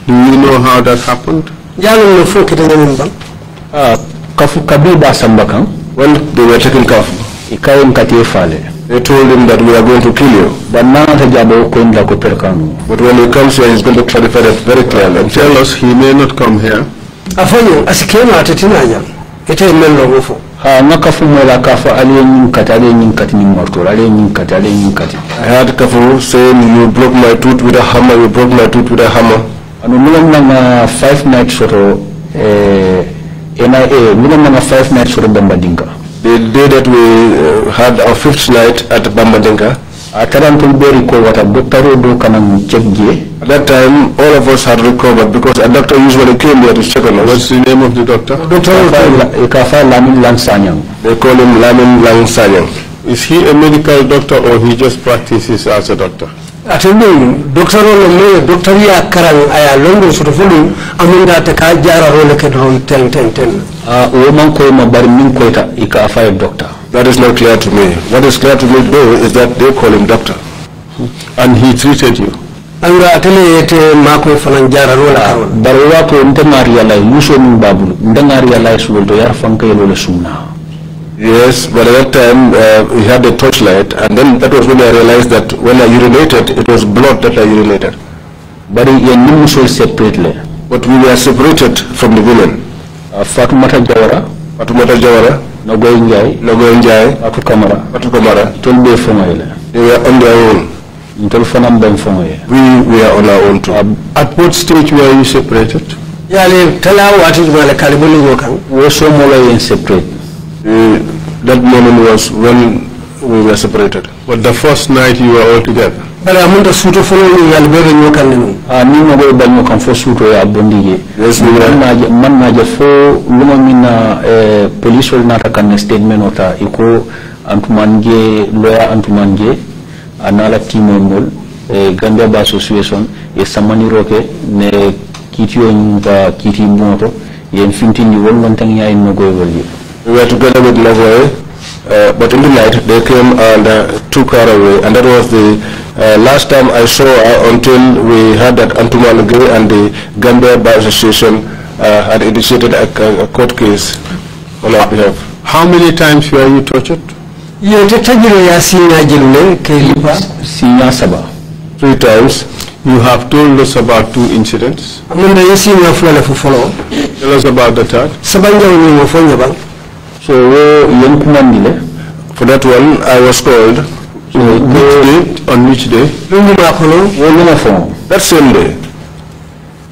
Do you know how that happened? Jalo no fu kita nyin bang. Ah, Kafu Kabi ba sambakan. When they were taking Kafu. Ikaye mkati fale. They told him that we are going to kill you. But now the But when he comes here, he's going to clarify that very clearly. And uh, tell us he may not come here. Ha, ni I heard Kafu saying, you broke my tooth with a hammer, you broke my tooth with a hammer. ano milamnanga five nights soto eh, nia milamnanga five nights soto bambadinka the day that we uh, had our fifth night at Bambadenga. Uh, at that time, all of us had recovered because a doctor usually came here to check on us. What's the name of the doctor? Doctor They call him Lamin Langsanyang. Is he a medical doctor or he just practices as a doctor? aten ɗum docteur o non ya karan aya london soto fo ɗum ta ka jarahole ka don ten ten ten ah, ko ma bar min i ika faye doctor that is not clear to me what is clear to me though is that they call him doctor and he treated you anga atele yete makoye jara jararola ah, karol bari wa ko nte ngari yalay muso min babulu nte ngari yalay sulol to yar le sunna Yes, but at that time uh, had a torchlight, and then that was when I realized that when I urinated, it was blood that I urinated. But you were separately. But we were separated from the women. Uh, Fatumata Jawara. Fatumata Jawara. Nagoy Njai. Nagoy Njai. Fatu Kamara. Fatu Kamara. Tolbe Fomayla. They were on their own. We were on our own too. Uh, at what stage were you separated? Yeah, tell her what it was like. We were so more separate. Uh, that moment was when we were separated. But the first night you were all together? bara mun da suto folo ni yal bere nyo kan ni a ni ma be bal mo kan fo suto ya bondi ye yes ni na man na je fo luma min na police wol na ta kan statement o ta iko antuman je lawyer antuman je anala timo mol e gambia ba association e samani roke ne kitiyo nta kiti moto yen fintindi wol man tan yayin no goy wol ye We were together with Nazare, uh, but in the night they came and uh, took her away. And that was the uh, last time I saw her until we heard that Antuman and the Gambia Bar Association uh, had initiated a, a, court case on her behalf. How many times were you tortured? Three times. You have told us about two incidents. Tell us about the third. so wo yen kumandile for that one i was called so which day on which day nduma kono wo luma fon that same day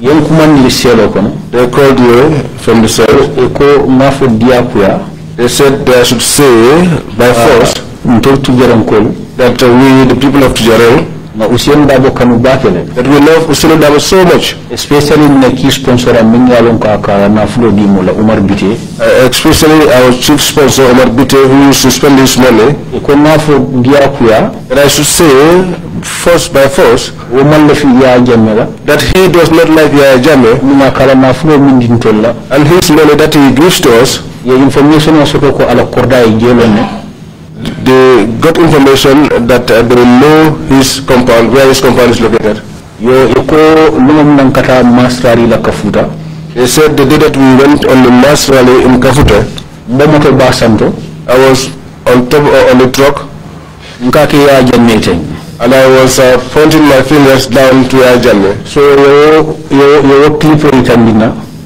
yen kumandile selo kono they called you from the cell e ko mafo diakuya they said they should say by ah. force ntol tujaram kol that we the people of tujaram Usain Dabo kanu bakene. That we love Usain Dabo so much. Especially ne ki sponsor amin yalon ka ka na fulo di mola Umar Bite. Uh, especially our chief sponsor Umar Bite who used to spend his money. Ko na fo dia kuya. That I should say force by force. Wo man la fi ya jamela. That he does not like ya jame. Muna kala na fulo min din tolla. And his money that he gives to us. Ye information on soko ko ala korda e jelone. they got information that uh, they know his compound, where his compound is located. mass rally Kafuta. They said the day that we went on the mass rally in Kafuta, I was on top uh, on the truck. And I was uh, pointing my fingers down to Ajame. So you you you clip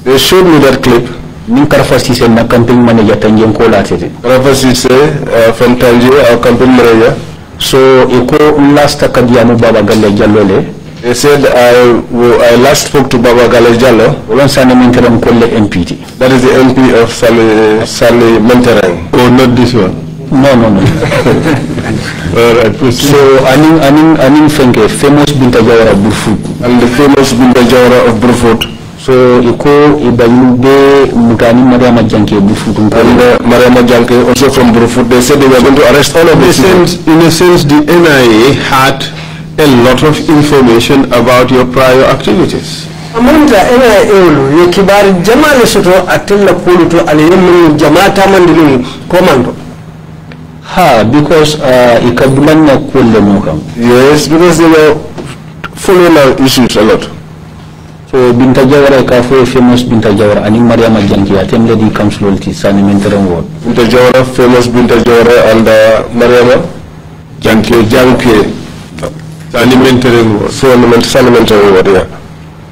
They showed me that clip. Nim Karfa Sise, na camping manager Tangier Kola Tete. Karfa Sise uh, from Tangier, our eh, camping manager. So, Eko last Kadiamu Baba Galle Jalole. They said I, well, I last spoke to Baba Gale Jallo. MPT. That is the MP of Sally, Sally Menterang. Oh, not this one. No, no, no. right, so anin anin anin fenke famous Binta Jawara Burfoot. And the famous Binta Jawara of Burfoot so iko mutani and uh, also from they said they were going to arrest all of this in a sense the nia had a lot of information about your prior activities amunta ena ewlu yo kibari jamale soto atilla kulu to alayemmin jamata mandilin komando ha because uh, ikabulanna kulle mukam yes because they were following our issues a lot so Binta Jawara Kafo, famous Binta Jawara, Maria Mariama Janki, attended the council of Sanimentarian Ward. Binta Jawara, famous Binta Jawara, and uh, Mariama Janki, Janki, Sanimentarian Ward. Sanimentarian Ward,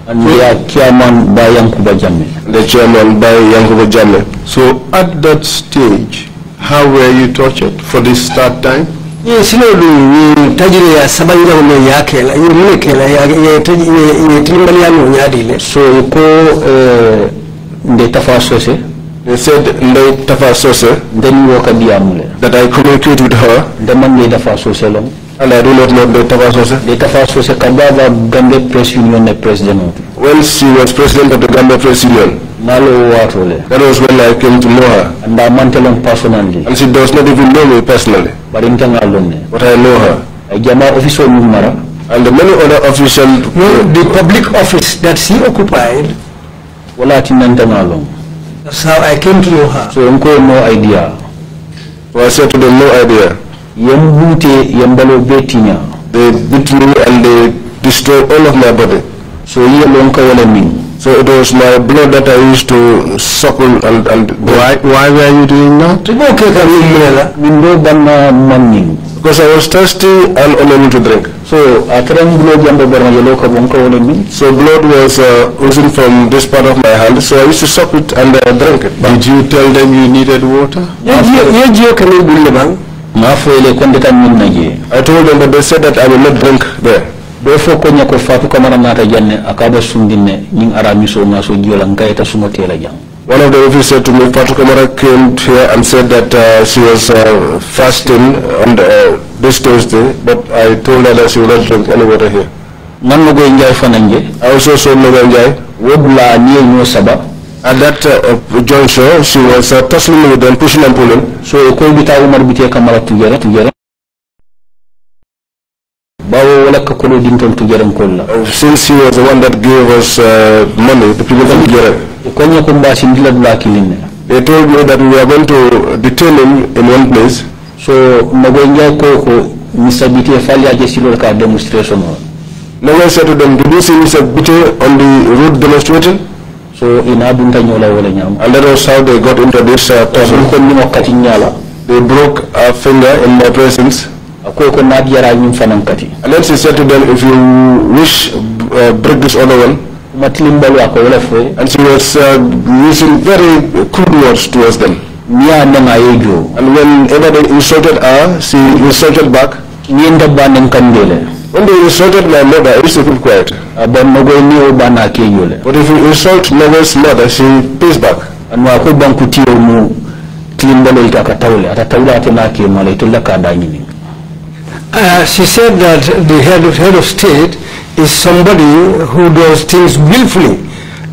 And so, the chairman by The chairman So at that stage, how were you tortured for this start time? ye sinolu tajiri ya sabanja no yake la ye mleke la ya ye tajiri ye tilimali ya no nyadi le so ko eh, nde tafa sose they said nde tafa sose then wo ka biamule that i communicated with her the man nde tafa Well, ɗum lotnoɓe tafa sose de tafa press union président when she was president of the Gambia press union nalo watole that was when i came to know her and i mantelon personally and she does not even know me personally but in but i know her ay jama office o mum mara and the many other official no the public office that she occupied wala tinantangalon that's how i came to know her so nko no idea so i said to them no idea Yem hute yembalo betinya. They beat me and they destroyed all of my body. So ye lonka wala min. So it was my blood that I used to suckle and, and why why were you doing that? Because I was thirsty and unable to drink. So So blood was uh, oozing from this part of my hand. So I used to suck it and I uh, drank it. But Did you tell them you needed water? Yeah, yeah, yeah, I told them, that they said that I will not drink there. Therefore, one of the officers said to me, Fatu Kamara came here and said that uh, she was uh, fasting on uh, this Thursday, but I told her that she will not drink any water here. I also saw Noga Njai. at that uh, juncture, she was uh, tussling with them, pushing and pulling. So ko bita umar bitiya kamala tugera tugera. Bawo wala kakolo dinton tugera nkolla. Oh, since he was the one that gave us uh, money, the people from Tugera. Konya kumba sindila dula kilinne. They told me that we are going to detain him in one place. So magonja koko Mr. Bitiya fali aje silo ka demonstration. Now I said to them, did you see Mr. Bitiya on the road demonstrating? so ina dunta ñola wala ñam a little how they got into this uh, tussle ko ni ñala they broke a finger in their presence ko ko na yara ñum fanan kati let's say to them if you wish uh, break this other one matlimbal wa ko wala fe and she was uh, using very crude words towards them na nanga yejo and when they insulted her she insulted back ni ndabba nan kandele when they insulted my mother, I used to keep quiet. But if you insult Novel's mother, she pays back. And Uh, she said that the head of, head of state is somebody who does things willfully.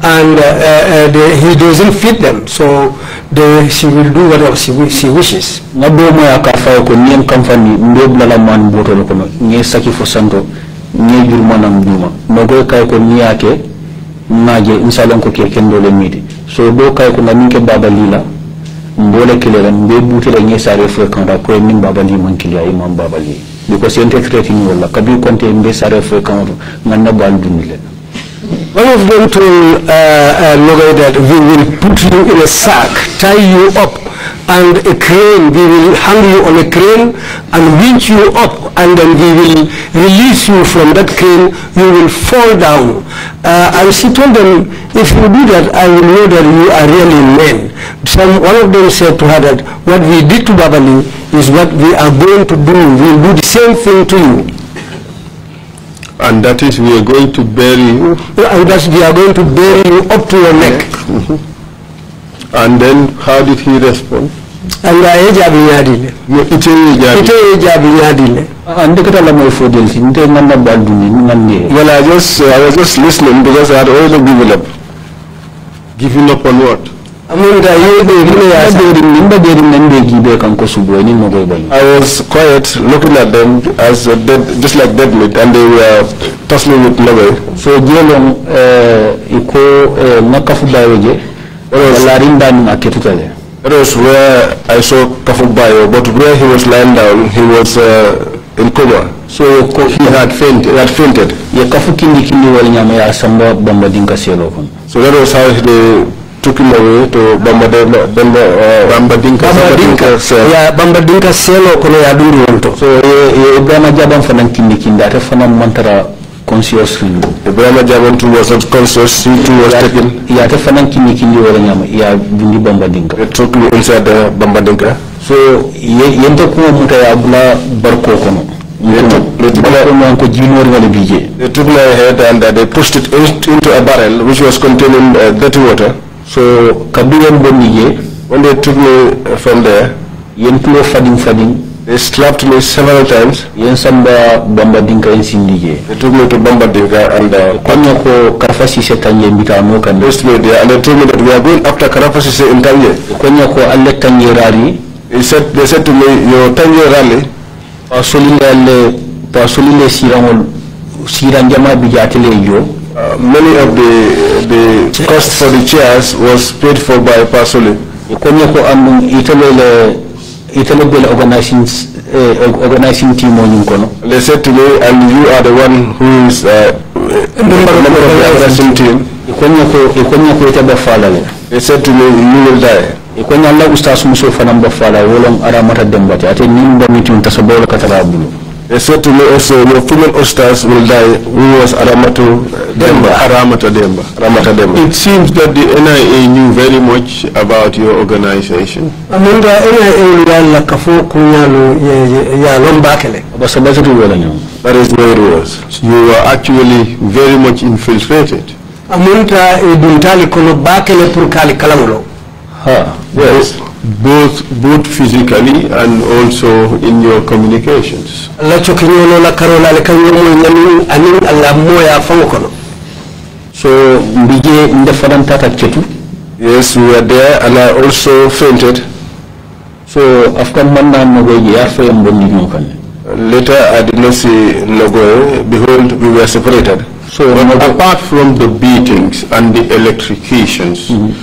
and uh, uh, uh, they, he doesn't feed them so they, she will do whatever she, she wishes nga domo ya kafa ko niem kamfani ndebla la man boto ko naje ko kendo le midi so do ko baba lila mbole kile buti la sare fo kan ra e min baba li man e baba li because yente training wala kabi konte mbe sare One of them told uh, uh, that we will put you in a sack, tie you up, and a crane, we will hang you on a crane and winch you up, and then we will release you from that crane, you will fall down. Uh, and she told them, if you do that, I will know that you are really men. Some, one of them said to her that what we did to Babali is what we are going to do. We will do the same thing to you. And that is, we are going to bury you. And that we are going to bury you up to your neck. Mm -hmm. And then, how did he respond? Allah ya jabi nyadile. Ite ya jabi. Ite ya jabi nyadile. Ande ah, kata la mo fodel si nte nanda baduni nande. Well, I just I was just listening because I had already given up. Giving up on what? i was quiet looking at them as a dead just like dead meat and they were tussling with love so jelon eh iko nakafu eh, bayoje wala was where I saw Kafubayo, but where he was lying down, he was uh, in coma. So he had fainted. He had fainted. So that was how they. tukumawe to bamba de bamba uh, bamba dinka bamba dinka ya bamba dinka selo kono ya duri wonto so ye ibrahima jaban fanan kindi kinda ta fanan mantara conscious ringo ibrahima jaban tu was not conscious he too was taken ya ta fanan kindi kindi wala nyama ya bindi bamba dinka tokli inside the bamba dinka so yenta kuma muta ya bula barko kono They took my head and uh, they pushed it in, into a barrel which was containing uh, dirty water. So Kabir and Bonije, when they uh, from there, Yenkulo Fading Fading, they slapped me several times. Yensamba Bamba Dinka in Sindije. They took me to Bamba Dinka and uh, Kwanyako Karafasi Setanje Mbita Amoka. They me there and they told me that we are going after Karafasi Setanje. Kwanyako Ale Tanje Rally. They said, they said to me, your Tanje Rally. Pasolinde Ale, Pasolinde Sirangol, Siranjama Bijatile Yo. Uh, many of the the cost for the chairs was paid for by Pasole. Konya ko am um, italele italele organizing uh, organizing team on kono. They said to me, and you are the one who is a uh, member of the organizing team. ko They said to me, you will die. Konya Allah ustaz muso fanamba falale wolong ara mata dembati. Ate nimba mitu ntasabola katara They said to me also, your female oysters will die. Who was Demba? Demba. Demba. It seems that the NIA knew very much about your organization. Amanda NIA yala kafu kunyalu ya lombakele. That is where it was. you were actually very much infiltrated. Amanda iduntali kono purkali kalamulo. Ha, yes both both physically and also in your communications so mbije ndefanantata cetu yes we were there and i also fainted so afkan manna going to go bonni ñoo kan later i did not see nogoye behold we were separated so apart from the beatings and the electrocutions mm -hmm.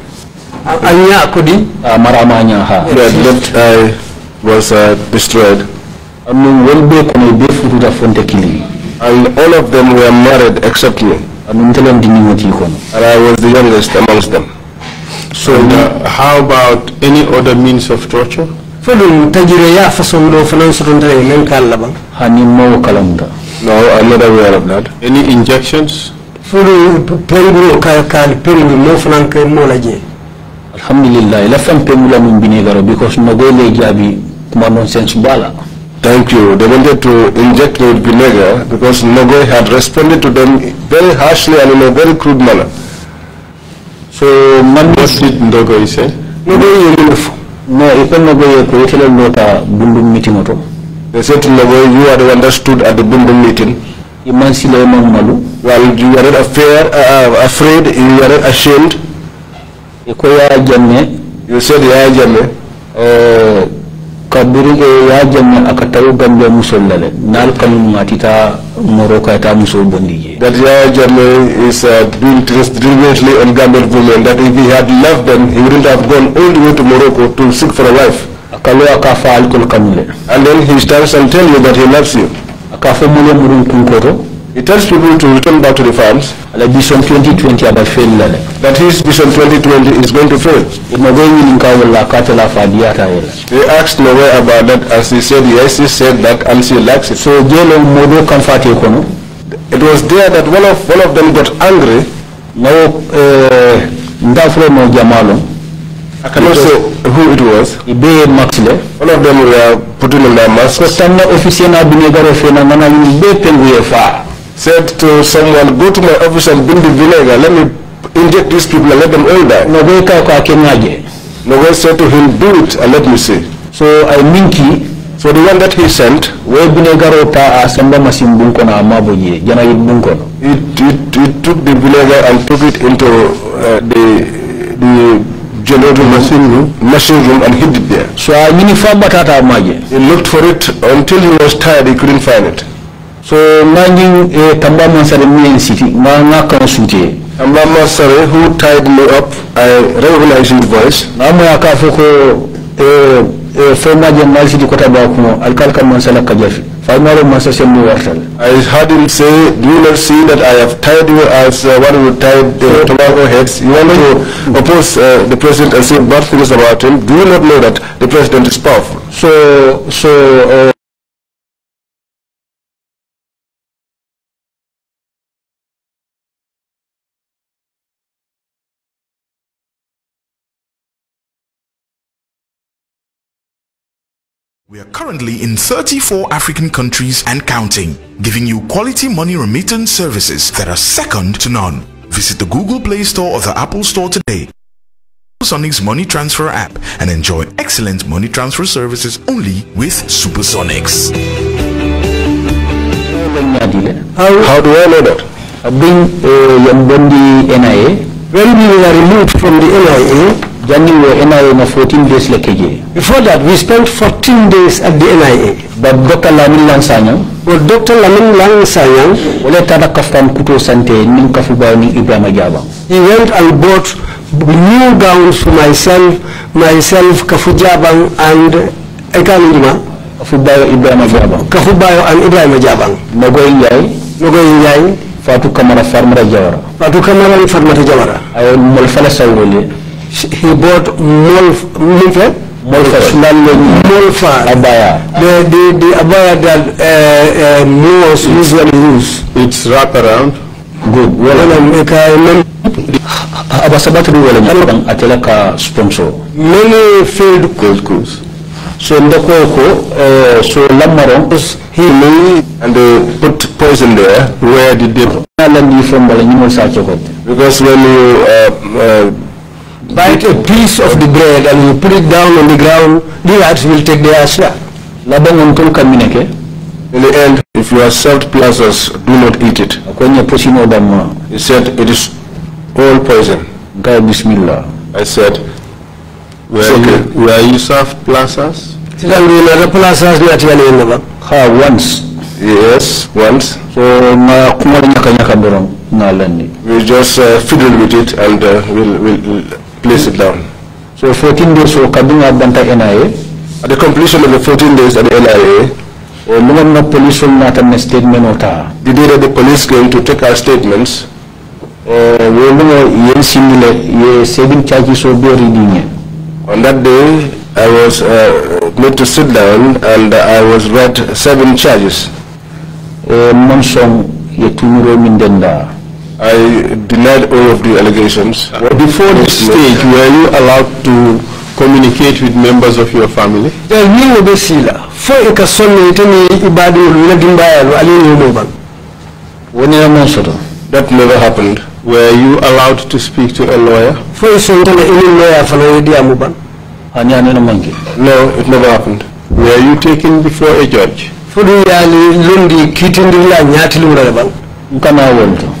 Uh, Anya uh, Maramanya ha. was uh, destroyed. Um, and all of them were married except me. Um, and I was the youngest amongst them. So and, uh, how about any other means of torture? Fadum tajire ya sutun men kallaba. Hani kalamda. No, I'm not aware of that. Any injections? Furu pelgo kal kal pelgo mo fanan mo laje alhamdulillah ila fampe mula min binigaro because nogole jabi kuma nonsense bala Thank you. They wanted to inject the vinegar because Nogoy had responded to them very harshly and in a very crude manner. So, man, what did Nogoy say? Nogoy Yeluf. No, even Nogoy Yekuyetel Nota Bundum meeting at all. They said to Nogoy, you are the one that stood at the Bundum meeting. Iman Sile Malu. While you are not affair, uh, uh, afraid, you are not ashamed. ko ya jamme you said ya jamme uh, kabiri e ya jamme aka taw gambe musol lale nal kanun matita moroka ta musol bondije that ya jamme is uh, doing deliberately on gambian women that if he had loved them he wouldn't have gone all the way to morocco to seek for a wife akalu aka faal kul kanule and then he starts and tell you that he loves you aka fo mulo murun kunkoto He tells people to return back to the farms. Ala bison 2020 about fail lale. That his vision 2020 is going to fail. They asked Nowe about that and he said yes, he said that and she likes it. So jelo modo comfort kono. It was there that one of one of them got angry. Now uh, eh, ndafro no jamalo. I cannot say who it was. Ibe maxile. One of them were putting on their masks said to someone, go to my office and bring the vinegar. Let me inject these people and let them all die. Nobeka kwa kenyaje. Noguel said to him, do it and let me see. So I minki. So the one that he sent, we vinegar opa asamba masimbunko na amaboje, jana yibunko. He, it, it took the vinegar and took it into uh, the, the generator machine room, machine room and hid it there. So I minifamba tata amaje. He looked for it until he was tired, he couldn't find it so ngagin e eh, tamba mansare mien siti nga nga kan suje tamba mansare who tied me up i recognize his voice na mo aka foko e eh, e eh, fema je mal siti kota ba ko alkal kan mansala ka jafi fa maro mansa sem ni wartal i heard him say do you not see that i have tied you as uh, one who tied the uh, tobacco heads you want to mm. oppose uh, the president and say bad things about him do you not know that the president is powerful so so uh, We are currently in 34 African countries and counting, giving you quality money remittance services that are second to none. Visit the Google Play Store or the Apple Store today. Supersonics Money Transfer app and enjoy excellent money transfer services only with Supersonics. How, how do I know that? Being uh, eh, Yambondi NIA, when we were removed from the NIA, January a na 14 days lekkeje. Before that, we spent 14 days at the NIA. But Dr. Lamin Lang Sanyang. But Dr. Lamin Lang Sanyang. Wale tada kaftan kuto sante ning kafubayo ni Ibrahim Jaba. He went and bought new gowns for myself, myself, Kafujabang and Ekanjima. Kafubayo Ibrahim Jabang. Kafubayo and Ibrahim Jabang. Nogoy Njai. Nogoy Njai. Fatu Kamara a Jawara. Fatu Kamara a Jawara. Ayo, molfala sawrele. he bought Molf, Molfa, eh? Molfa, Abaya. The, the, the Abaya that uh, uh, usually use. It's wrap around. Good. Well, abasabatri wala nyakabang atela ka sponsor many field cold course so in the coco so lamaro he may and they put poison there where did they land you from because when you uh, uh, bite a piece of the bread and you put it down on the ground, the rats will take their slab. In the end, if you are served plazas, do not eat it. He said, it is all poison. God Bismillah. I said, where were, okay. you, were you served plazas? Once. Yes, once. So ma kumari nyaka nyaka borong na landi. We just uh, fiddle with it and uh, we'll, we'll, we'll Place it down. So 14 days for Kaduna Banta NIA. At the completion of the 14 days at the NIA, the police will not a statement or The day that the police came to take our statements, eh, we seven charges will reading. On that day, I was uh, made to sit down and I was read seven charges. Eh, Monsong yetunuro mindenda. I denied all of the allegations. Well, before this stage, were you allowed to communicate with members of your family? There ni wo be sila. Fo e ka sonne lo ali That never happened. Were you allowed to speak to a lawyer? lawyer di Anya No, it never happened. Were you taken before a judge? Fo du ya ni lundi kitindi la nyati lu ban. Kana wonto.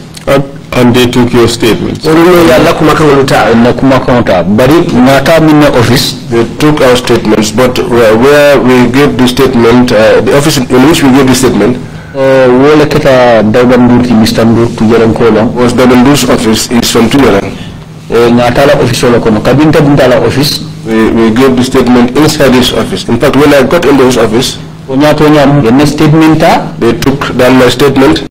and they took your statements. They took our statements, but uh, where we gave the statement, uh, the office in which we gave the statement, uh, wole keta dawdan dur ti mistan dur tu jelen ko lon was dawdan dur's office in from tuyalan e uh, ngatala office lo office we, we gave the statement inside his office in fact when i got into his office o nyato nyam yenne statementa they took down my statement